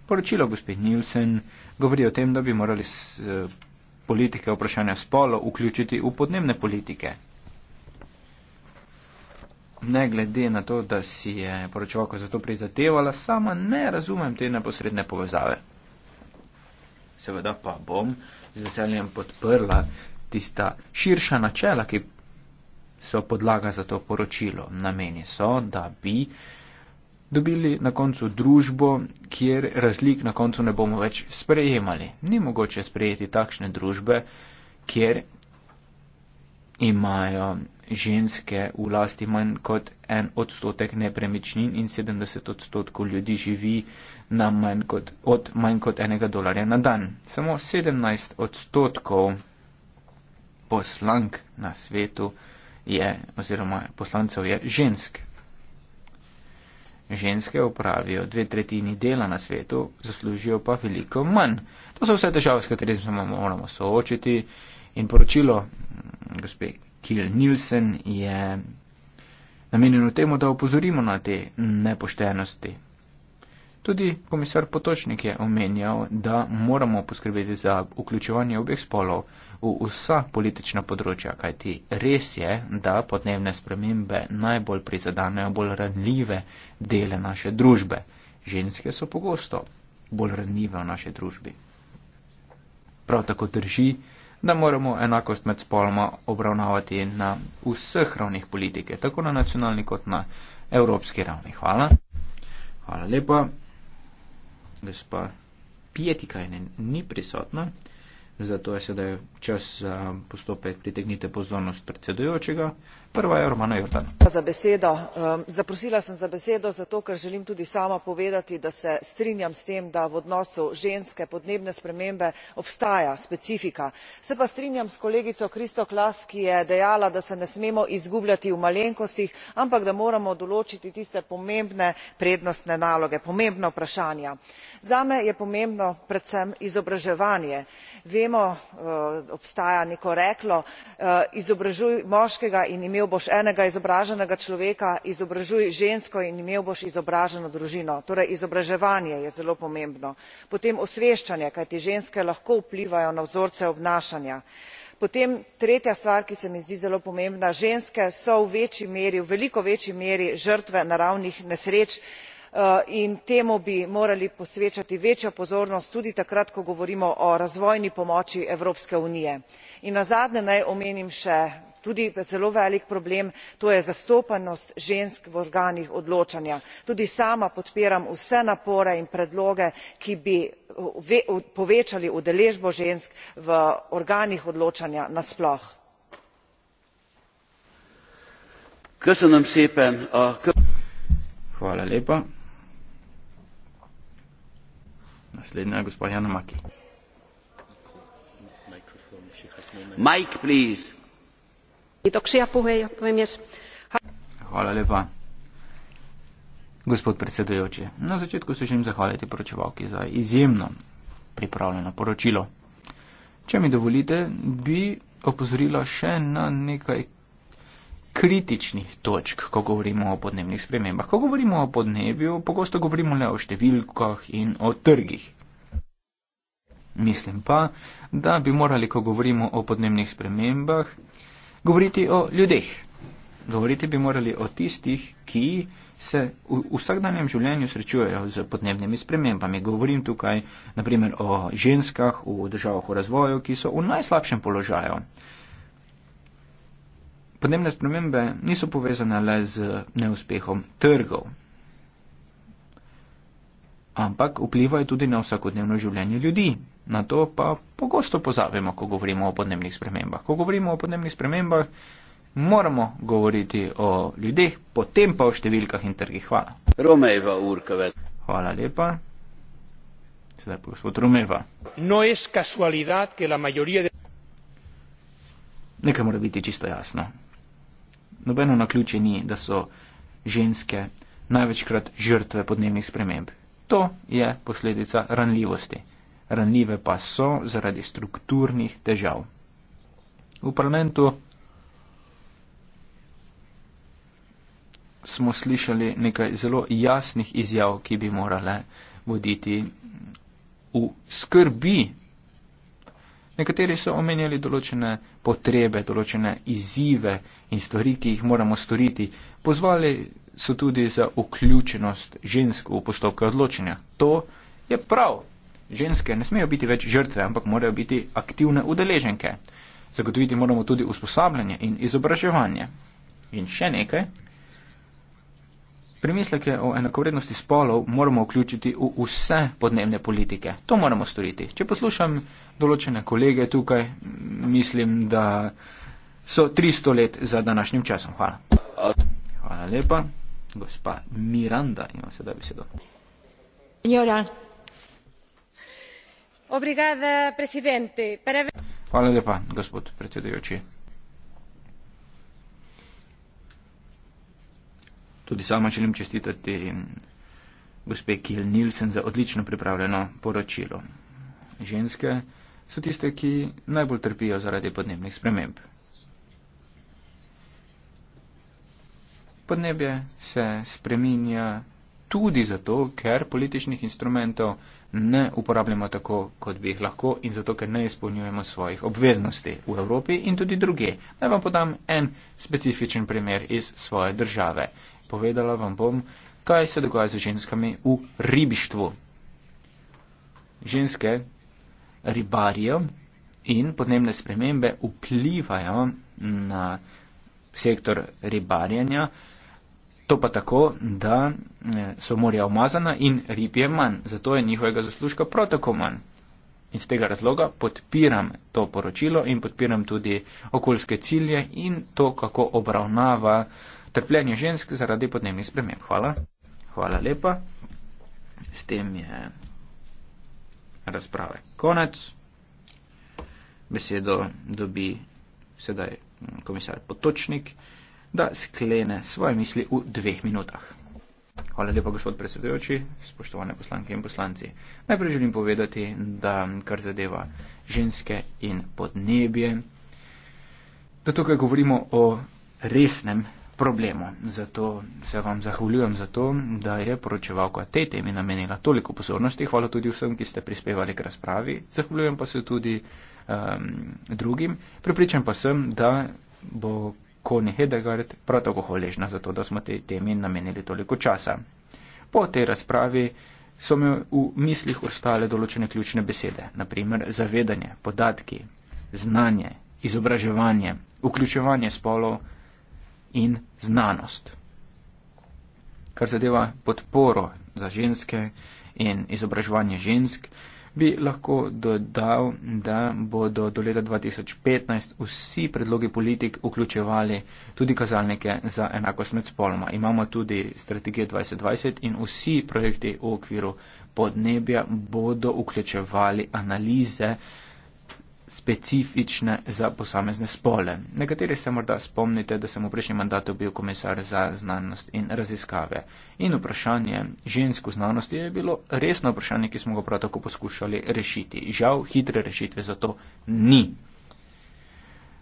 Poročilo gospod Nielsen govori o tem, da bi morali s, eh, politike vprašanja spolo vključiti v podnebne politike. Ne glede na to, da si je poročovalka za to prizadevala, sama ne razumem te neposredne povezave seveda pa bom z veseljem podprla tista širša načela, ki so podlaga za to poročilo. Nameni so, da bi dobili na koncu družbo, kjer razlik na koncu ne bomo več sprejemali. Ni mogoče sprejeti takšne družbe, kjer imajo ženske v lasti manj kot en odstotek nepremičnin in 70 odstotkov ljudi živi na manj kot, od manj kot enega dolarja na dan. Samo 17 odstotkov poslank na svetu je, oziroma poslancev je žensk. Ženske upravijo dve tretjini dela na svetu, zaslužijo pa veliko manj. To so vse težave, s katerimi se moramo soočiti. In poročilo mm, gospe Kiel Nielsen je namenjeno temu, da opozorimo na te nepoštenosti. Tudi komisar Potočnik je omenjal, da moramo poskrbeti za vključevanje obeh spolov v vsa politična področja, kajti res je, da podnebne spremembe najbolj prizadanejo bolj ranljive dele naše družbe. Ženske so pogosto bolj ranljive v naši družbi. Prav tako drži, da moramo enakost med spoloma obravnavati na vseh ravnih politike, tako na nacionalni kot na evropski ravni. Hvala. Hvala lepa gospa Pietikajnen ni prisotna, zato je sedaj čas za postopek pritegnite pozornost predsedujočega. Prva je Romana Jordan. Za besedo. Eh, zaprosila sem za besedo zato, ker želim tudi sama povedati, da se strinjam s tem, da v odnosu ženske podnebne spremembe obstaja specifika. Se pa strinjam s kolegico Kristo Klas, ki je dejala, da se ne smemo izgubljati v malenkostih, ampak da moramo določiti tiste pomembne prednostne naloge, pomembna vprašanja. Zame je pomembno predvsem izobraževanje vemo eh, obstaja neko reklo eh, izobražuj moškega in imel boš enega izobraženega človeka izobražuj žensko in imel boš izobraženo družino torej izobraževanje je zelo pomembno potem osveščanje kajti ženske lahko vplivajo na vzorce obnašanja potem tretja stvar ki se mi zdi zelo pomembna ženske so v večji meri v veliko večji meri žrtve naravnih nesreč Eh, in temu bi morali posvečati večjo pozornost tudi takrat ko govorimo o razvojni pomoči evropske unije. in nazadnje naj omenim še tudi zelo velik problem to je zastopanost žensk v organih odločanja. tudi sama podpiram vse napore in predloge ki bi eh, povečali udeležbo žensk v organih odločanja nasploh. Naslednja je gospa Jana Maki. Mike, prosim. Hvala lepa. Gospod predsedujoči, na začetku se želim zahvaliti poročevalki za izjemno pripravljeno poročilo. Če mi dovolite, bi opozorila še na nekaj kritičnih točk, ko govorimo o podnebnih spremembah. Ko govorimo o podnebju, pogosto govorimo le o številkah in o trgih. Mislim pa, da bi morali, ko govorimo o podnebnih spremembah, govoriti o ljudeh. Govoriti bi morali o tistih, ki se v vsakdanjem življenju srečujejo z podnebnimi spremembami. Govorim tukaj naprimer o ženskah v državah v razvoju, ki so v najslabšem položaju. Podnebne spremembe niso povezane le z neuspehom trgov, ampak vplivajo tudi na vsakodnevno življenje ljudi. Na to pa pogosto pozabimo, ko govorimo o podnebnih spremembah. Ko govorimo o podnebnih spremembah, moramo govoriti o ljudeh, potem pa o številkah in trgih. Hvala. Romeva, urkave. Hvala lepa. Sedaj pa gospod Romeva. No es casualidad, que la mayoría de. Nekaj mora biti čisto jasno nobeno na ključe ni, da so ženske največkrat žrtve podnebnih sprememb. To je posledica ranljivosti. Ranljive pa so zaradi strukturnih težav. V parlamentu smo slišali nekaj zelo jasnih izjav, ki bi morale voditi v skrbi Nekateri so omenjali določene potrebe, določene izzive in stvari, ki jih moramo storiti. Pozvali so tudi za vključenost žensk v postopke odločanja. To je prav. Ženske ne smejo biti več žrtve, ampak morajo biti aktivne udeleženke. Zagotoviti moramo tudi usposabljanje in izobraževanje. In še nekaj, Premisleke o enakovrednosti spolov moramo vključiti v vse podnebne politike. To moramo storiti. Če poslušam določene kolege tukaj, mislim, da so 300 let za današnjim časom. Hvala. Hvala lepa. Gospa Miranda ima sedaj besedo. Hvala lepa, gospod predsedujoči. Tudi sama želim čestitati mm, gospe Kiel Nielsen za odlično pripravljeno poročilo. Ženske so tiste, ki najbolj trpijo zaradi podnebnih sprememb. Podnebje se spreminja tudi zato, ker političnih instrumentov ne uporabljamo tako, kot bi jih lahko in zato, ker ne izpolnjujemo svojih obveznosti v Evropi in tudi druge. Naj vam podam en specifičen primer iz svoje države povedala vam bom, kaj se dogaja z ženskami v ribištvu. Ženske ribarijo in podnebne spremembe vplivajo na sektor ribarjenja, to pa tako, da eh, so morja omazana in rib je manj, zato je njihovega zaslužka prav tako manj. Iz tega razloga podpiram to poročilo in podpiram tudi okoljske cilje in to, kako obravnava uh, trpljenje žensk zaradi podnebnih sprememb. Hvala. Hvala lepa. S tem je razprave konec. Besedo dobi sedaj komisar Potočnik, da sklene svoje misli v dveh minutah. Hvala lepa, gospod predsedujoči, spoštovane poslanke in poslanci. Najprej želim povedati, da kar zadeva ženske in podnebje, da tukaj govorimo o resnem problemu. Zato se vam zahvaljujem za to, da je poročevalka tej temi namenila toliko pozornosti. Hvala tudi vsem, ki ste prispevali k razpravi. Zahvaljujem pa se tudi um, drugim. Pripričam pa sem, da bo Koni Hedegard prav tako hvaležna za to, da smo tej temi namenili toliko časa. Po tej razpravi so mi v mislih ostale določene ključne besede, naprimer zavedanje, podatki, znanje, izobraževanje, vključevanje spolov, in znanost. Kar zadeva podporo za ženske in izobraževanje žensk, bi lahko dodal, da bodo do leta 2015 vsi predlogi politik vključevali tudi kazalnike za enakost med spoloma. Imamo tudi strategijo 2020 in vsi projekti v okviru podnebja bodo vključevali analize specifične za posamezne spole. Nekateri se morda spomnite, da sem v prejšnjem mandatu bil komisar za znanost in raziskave. In vprašanje žensko znanosti je bilo resno vprašanje, ki smo ga prav tako poskušali rešiti. Žal, hitre rešitve za to ni.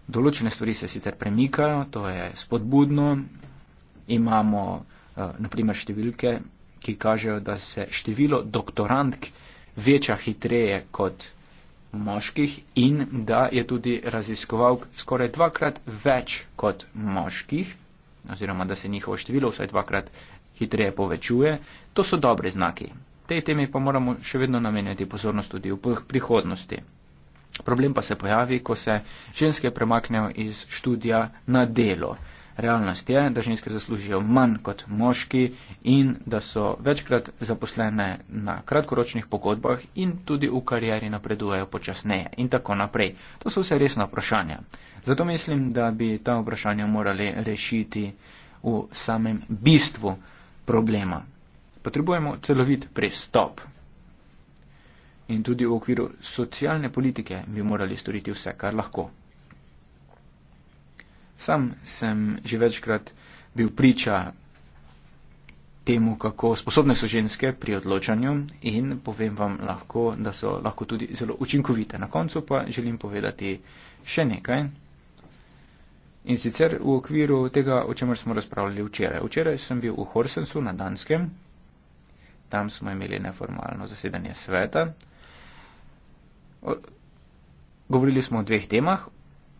Določene stvari se sicer premikajo, to je spodbudno. Imamo eh, naprimer številke, ki kažejo, da se število doktorantk veča hitreje kot moških in da je tudi raziskoval skoraj dvakrat več kot moških, oziroma da se njihovo število vsaj dvakrat hitreje povečuje, to so dobre znaki. Tej temi pa moramo še vedno namenjati pozornost tudi v prihodnosti. Problem pa se pojavi, ko se ženske premaknejo iz študija na delo realnost je, da ženske zaslužijo manj kot moški in da so večkrat zaposlene na kratkoročnih pogodbah in tudi v karieri napredujejo počasneje in tako naprej. To so vse resna vprašanja. Zato mislim, da bi ta vprašanja morali rešiti v samem bistvu problema. Potrebujemo celovit pristop. In tudi v okviru socialne politike bi morali storiti vse, kar lahko. Sam sem že večkrat bil priča temu, kako sposobne so ženske pri odločanju in povem vam lahko, da so lahko tudi zelo učinkovite. Na koncu pa želim povedati še nekaj. In sicer v okviru tega, o čemer smo razpravljali včeraj. Včeraj sem bil v Horsensu na Danskem, tam smo imeli neformalno zasedanje sveta. Govorili smo o dveh temah,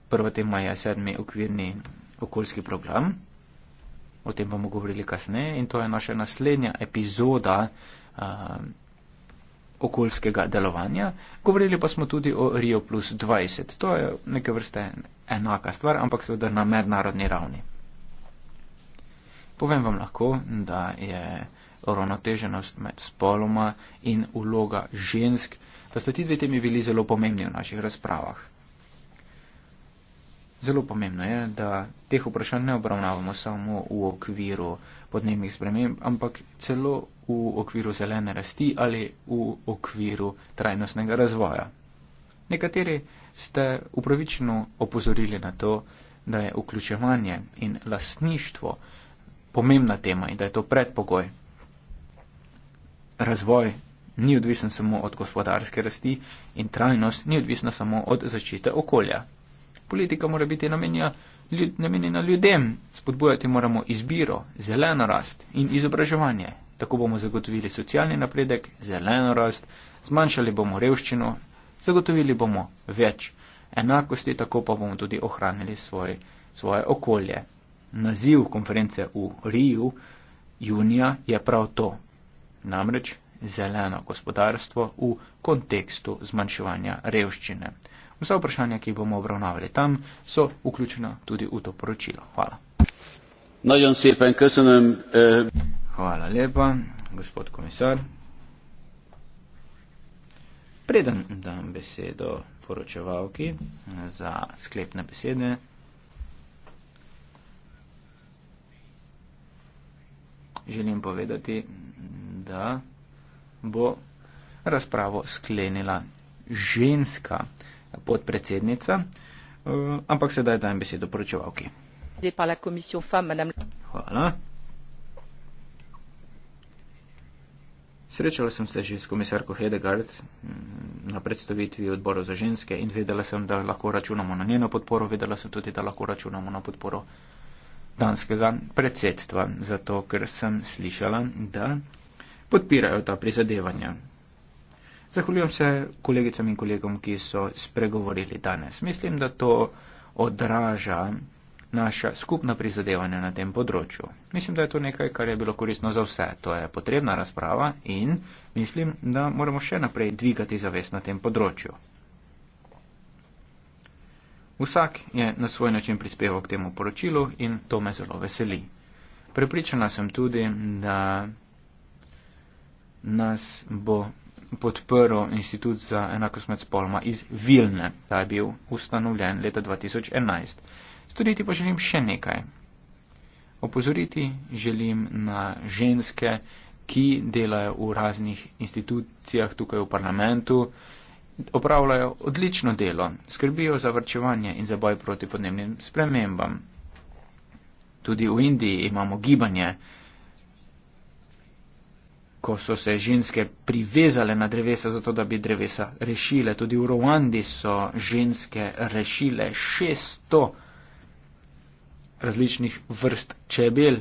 prva tema je sedmi okvirni okoljski program. O tem bomo govorili kasneje in to je naša naslednja epizoda uh, okoljskega delovanja. Govorili pa smo tudi o Rio plus 20. To je neke vrste enaka stvar, ampak seveda na mednarodni ravni. Povem vam lahko, da je uravnoteženost med spoloma in uloga žensk, da sta ti dve temi bili zelo pomembni v naših razpravah zelo pomembno je, da teh vprašanj ne obravnavamo samo v okviru podnebnih sprememb, ampak celo v okviru zelene rasti ali v okviru trajnostnega razvoja. Nekateri ste upravičeno opozorili na to, da je vključevanje in lastništvo pomembna tema in da je to predpogoj. Razvoj ni odvisen samo od gospodarske rasti in trajnost ni odvisna samo od zaščite okolja. Politika mora biti namenja, ljud, namenjena ljudem, spodbujati moramo izbiro, zeleno rast in izobraževanje. Tako bomo zagotovili socialni napredek, zeleno rast, zmanjšali bomo revščino, zagotovili bomo več enakosti, tako pa bomo tudi ohranili svoj, svoje okolje. Naziv konference v Riju junija je prav to, namreč zeleno gospodarstvo v kontekstu zmanjševanja revščine. Vsa vprašanja, ki bomo obravnavali tam, so vključena tudi v to poročilo. Hvala. Hvala lepa, gospod komisar. Preden dam besedo poročevalki eh, za sklepne besede, želim povedati, da bo razpravo sklenila ženska podpredsednica, eh, ampak sedaj dajem besedo poročevalki. Hvala. Srečala sem se že s komisarko Hedegard mm, na predstavitvi odboru za ženske in vedela sem, da lahko računamo na njeno podporo, vedela sem tudi, da lahko računamo na podporo danskega predsedstva, zato ker sem slišala, da podpirajo ta prizadevanja. Zahvaljujem se kolegicam in kolegom, ki so spregovorili danes. Mislim, da to odraža naša skupna prizadevanja na tem področju. Mislim, da je to nekaj, kar je bilo koristno za vse. To je potrebna razprava in mislim, da moramo še naprej dvigati zavest na tem področju. Vsak je na svoj način prispeval k temu poročilu in to me zelo veseli. Prepričana sem tudi, da nas bo podprl inštitut za enakost med spoloma iz Vilne, ta je bil ustanovljen leta 2011. Storiti pa želim še nekaj. Opozoriti želim na ženske, ki delajo v raznih institucijah tukaj v parlamentu, opravljajo odlično delo, skrbijo za vrčevanje in za boj proti podnebnim spremembam. Tudi v Indiji imamo gibanje, ko so se ženske privezale na drevesa, zato da bi drevesa rešile. Tudi v Rwandi so ženske rešile 600 različnih vrst čebel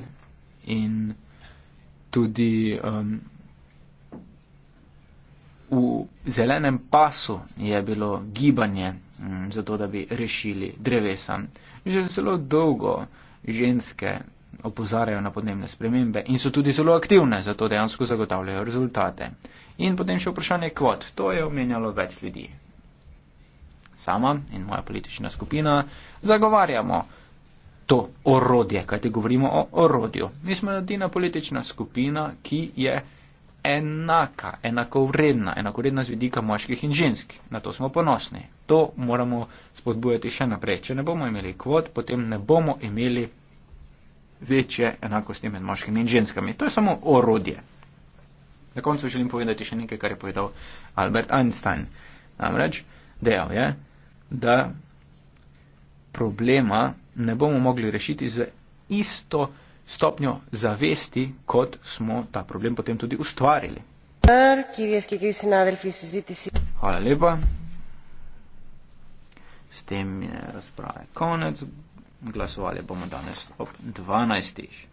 in tudi um, v zelenem pasu je bilo gibanje, um, zato da bi rešili drevesa. Že zelo dolgo ženske opozarjajo na podnebne spremembe in so tudi zelo aktivne, zato dejansko zagotavljajo rezultate. In potem še vprašanje kvot. To je omenjalo več ljudi. Sama in moja politična skupina zagovarjamo to orodje, kajte govorimo o orodju. Mi smo edina politična skupina, ki je enaka, enakovredna, enakovredna z vidika moških in žensk. Na to smo ponosni. To moramo spodbujati še naprej. Če ne bomo imeli kvot, potem ne bomo imeli večje enakosti med moškimi in ženskami. To je samo orodje. Na koncu želim povedati še nekaj, kar je povedal Albert Einstein. Namreč dejal je, da problema ne bomo mogli rešiti z isto stopnjo zavesti, kot smo ta problem potem tudi ustvarili. Hvala lepa. S tem je razprave konec glasovali bomo danes ob 12.